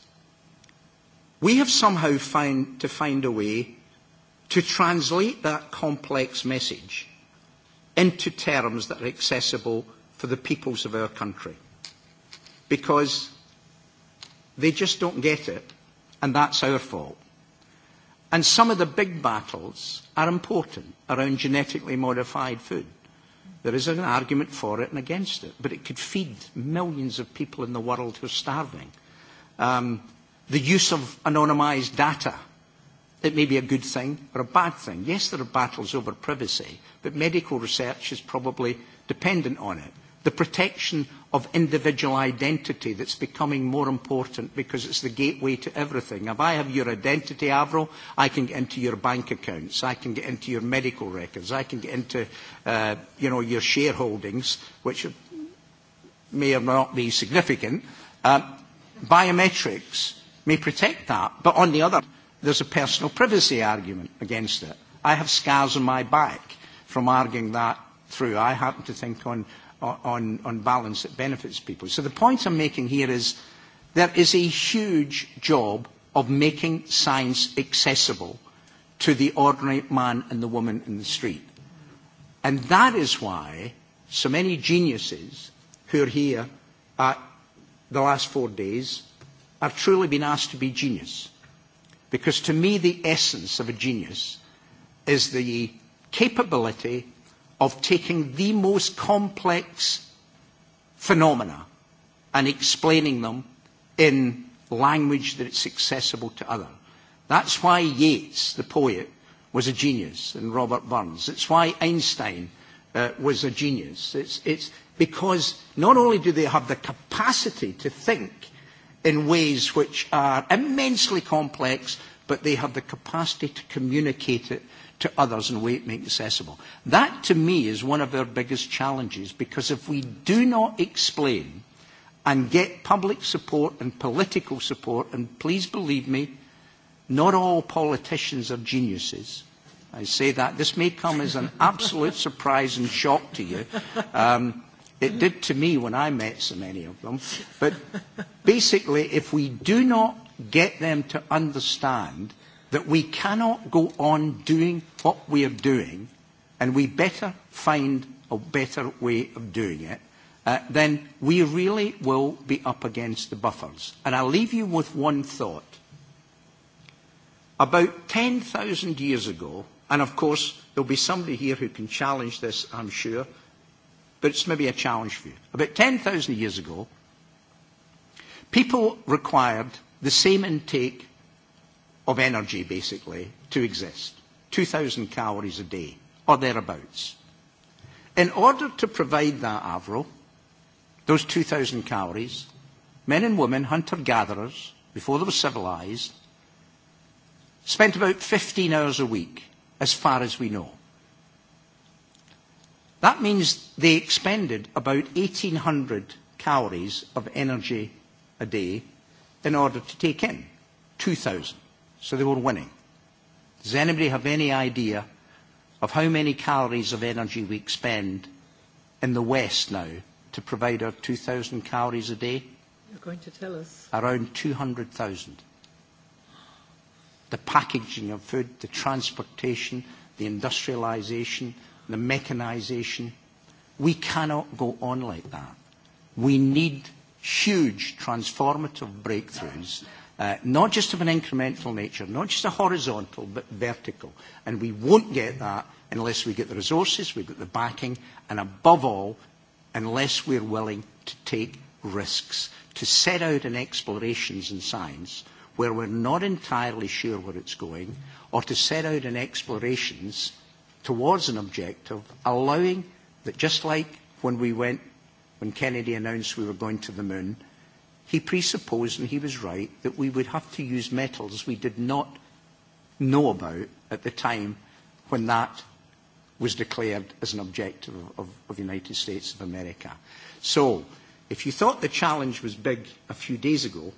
We have somehow found to find a way to translate that complex message into terms that are accessible for the peoples of our country. Because they just don't get it, and that's our fault. And some of the big battles are important around genetically modified food. There is an argument for it and against it, but it could feed millions of people in the world who are starving. Um, the use of anonymized data. It may be a good thing or a bad thing. Yes, there are battles over privacy, but medical research is probably dependent on it. The protection of individual identity that's becoming more important because it's the gateway to everything. If I have your identity, Avril, I can get into your bank accounts, I can get into your medical records, I can get into, uh, you know, your shareholdings, which may or not be significant. Uh, biometrics, may protect that, but on the other, there's a personal privacy argument against it. I have scars on my back from arguing that through. I happen to think on, on, on balance it benefits people. So the point I'm making here is there is a huge job of making science accessible to the ordinary man and the woman in the street. And that is why so many geniuses who are here uh, the last four days are truly being asked to be genius. Because to me, the essence of a genius is the capability of taking the most complex phenomena and explaining them in language that it's accessible to others. That's why Yeats, the poet, was a genius, and Robert Burns. It's why Einstein uh, was a genius. It's, it's because not only do they have the capacity to think in ways which are immensely complex, but they have the capacity to communicate it to others in a way it makes accessible. That, to me, is one of our biggest challenges, because if we do not explain and get public support and political support, and please believe me, not all politicians are geniuses. I say that. This may come as an absolute (laughs) surprise and shock to you. Um, It did to me when I met so many of them. But basically, if we do not get them to understand that we cannot go on doing what we are doing, and we better find a better way of doing it, uh, then we really will be up against the buffers. And I'll leave you with one thought. About 10,000 years ago, and of course, there'll be somebody here who can challenge this, I'm sure, but it's maybe a challenge for you. About 10,000 years ago, people required the same intake of energy, basically, to exist 2,000 calories a day or thereabouts. In order to provide that, Avril, those 2,000 calories, men and women, hunter gatherers, before they were civilized, spent about 15 hours a week, as far as we know. That means they expended about 1,800 calories of energy a day in order to take in 2,000. So they were winning. Does anybody have any idea of how many calories of energy we expend in the West now to provide our 2,000 calories a day? You're going to tell us. Around 200,000. The packaging of food, the transportation, the industrialisation, the mechanisation. We cannot go on like that. We need huge transformative breakthroughs, uh, not just of an incremental nature, not just a horizontal, but vertical. And we won't get that unless we get the resources, we've got the backing, and above all, unless we're willing to take risks, to set out in explorations in science where we're not entirely sure where it's going, or to set out in explorations – towards an objective, allowing that just like when we went, when Kennedy announced we were going to the moon, he presupposed, and he was right, that we would have to use metals we did not know about at the time when that was declared as an objective of, of the United States of America. So, if you thought the challenge was big a few days ago,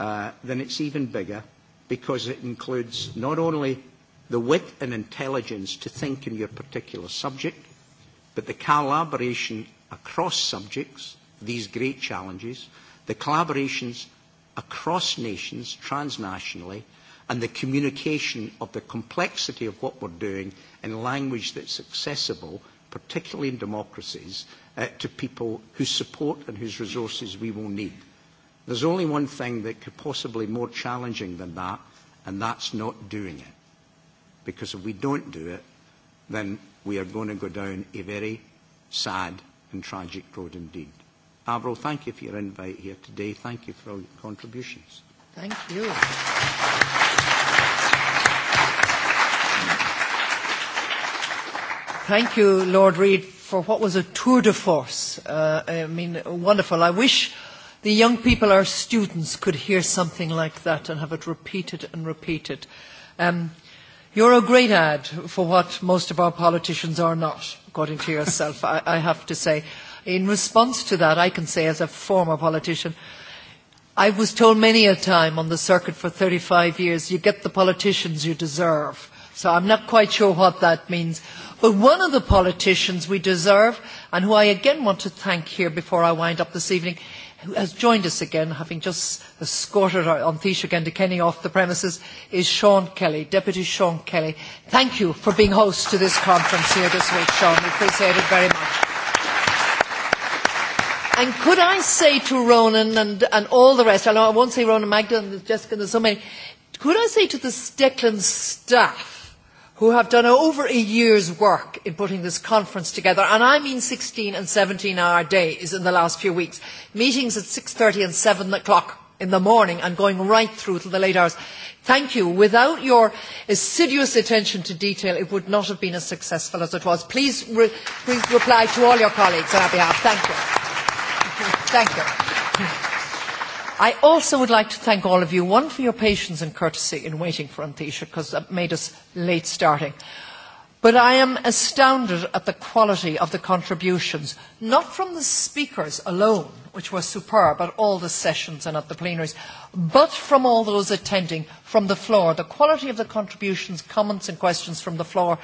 uh, then it's even bigger because it includes not only the wit and intelligence to think in your particular subject, but the collaboration across subjects, these great challenges, the collaborations across nations, transnationally, and the communication of the complexity of what we're doing in language that's accessible, particularly in democracies, uh, to people whose support and whose resources we will need. There's only one thing that could possibly more challenging than that, and that's not doing it because if we don't do it, then we are going to go down a very sad and tragic road indeed. Avril, thank you for your invite here today. Thank you for all your contributions. Thank you. Thank you, Lord Reid, for what was a tour de force. Uh, I mean, wonderful. I wish the young people, our students, could hear something like that and have it repeated and repeated. Um, You're a great ad for what most of our politicians are not, according to yourself, I, I have to say. In response to that, I can say as a former politician, I was told many a time on the circuit for 35 years, you get the politicians you deserve. So I'm not quite sure what that means. But one of the politicians we deserve, and who I again want to thank here before I wind up this evening, who has joined us again, having just escorted our on Taoiseach again to Kenny off the premises, is Sean Kelly, Deputy Sean Kelly. Thank you for being host to this conference here this week, Sean. We appreciate it very much. And could I say to Ronan and, and all the rest, I know I won't say Ronan Magdalene, Jessica, there's so many, could I say to the Steckland staff, who have done over a year's work in putting this conference together. And I mean 16 and 17 hour days in the last few weeks. Meetings at 6.30 and 7 o'clock in the morning and going right through to the late hours. Thank you. Without your assiduous attention to detail, it would not have been as successful as it was. Please, re- please reply to all your colleagues on our behalf. Thank you. (laughs) Thank you. I also would like to thank all of you, one, for your patience and courtesy in waiting for Antisha, because that made us late starting. But I am astounded at the quality of the contributions, not from the speakers alone, which were superb at all the sessions and at the plenaries, but from all those attending from the floor. The quality of the contributions, comments and questions from the floor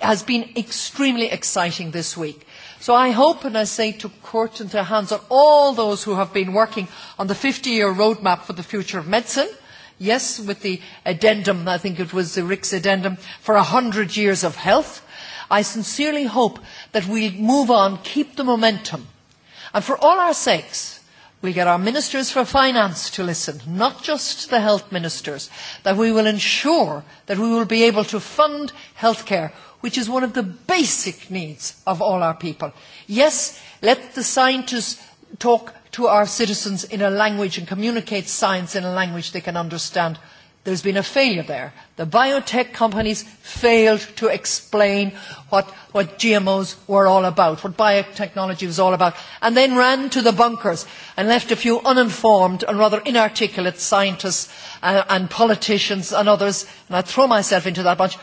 has been extremely exciting this week. So I hope and I say to court and to hands on all those who have been working on the 50-year roadmap for the future of medicine, yes, with the addendum, I think it was the RICS addendum, for 100 years of health, I sincerely hope that we move on, keep the momentum. And for all our sakes, we get our ministers for finance to listen, not just the health ministers, that we will ensure that we will be able to fund healthcare which is one of the basic needs of all our people. Yes, let the scientists talk to our citizens in a language and communicate science in a language they can understand. There's been a failure there. The biotech companies failed to explain what, what GMOs were all about, what biotechnology was all about, and then ran to the bunkers and left a few uninformed and rather inarticulate scientists and, uh, and politicians and others, and I throw myself into that bunch,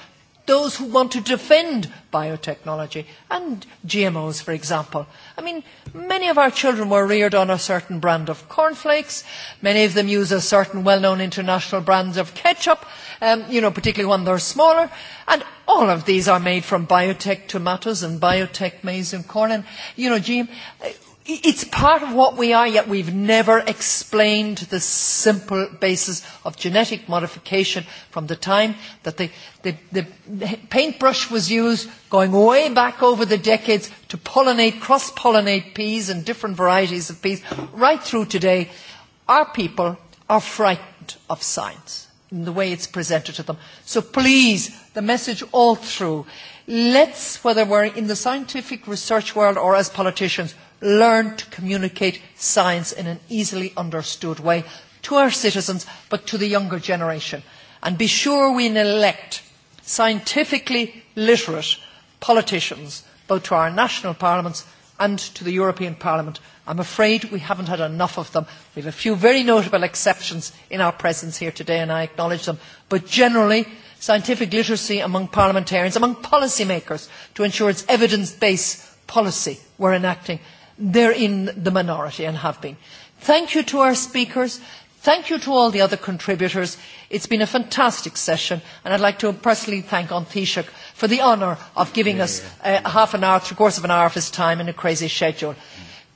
those who want to defend biotechnology and GMOs, for example. I mean, many of our children were reared on a certain brand of cornflakes. Many of them use a certain well-known international brands of ketchup, um, you know, particularly when they're smaller. And all of these are made from biotech tomatoes and biotech maize and corn. And, you know, GM, it's part of what we are, yet we've never explained the simple basis of genetic modification from the time that the, the, the paintbrush was used, going way back over the decades to pollinate, cross-pollinate peas and different varieties of peas, right through today. Our people are frightened of science in the way it's presented to them. So please, the message all through, let's, whether we're in the scientific research world or as politicians, learn to communicate science in an easily understood way to our citizens, but to the younger generation. And be sure we elect scientifically literate politicians, both to our national parliaments and to the European Parliament. I'm afraid we haven't had enough of them. We have a few very notable exceptions in our presence here today, and I acknowledge them. But generally, scientific literacy among parliamentarians, among policymakers, to ensure it's evidence-based policy we're enacting they're in the minority and have been. Thank you to our speakers. Thank you to all the other contributors. It's been a fantastic session, and I'd like to personally thank Antishak for the honour of giving yeah, us uh, half an hour, three quarters of an hour of his time in a crazy schedule.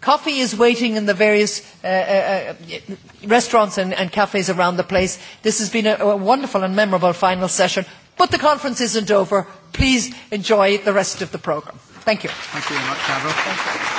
Coffee is waiting in the various uh, uh, uh, restaurants and, and cafes around the place. This has been a, a wonderful and memorable final session, but the conference isn't over. Please enjoy the rest of the programme. Thank you. Thank you very much, Carol. Thank you.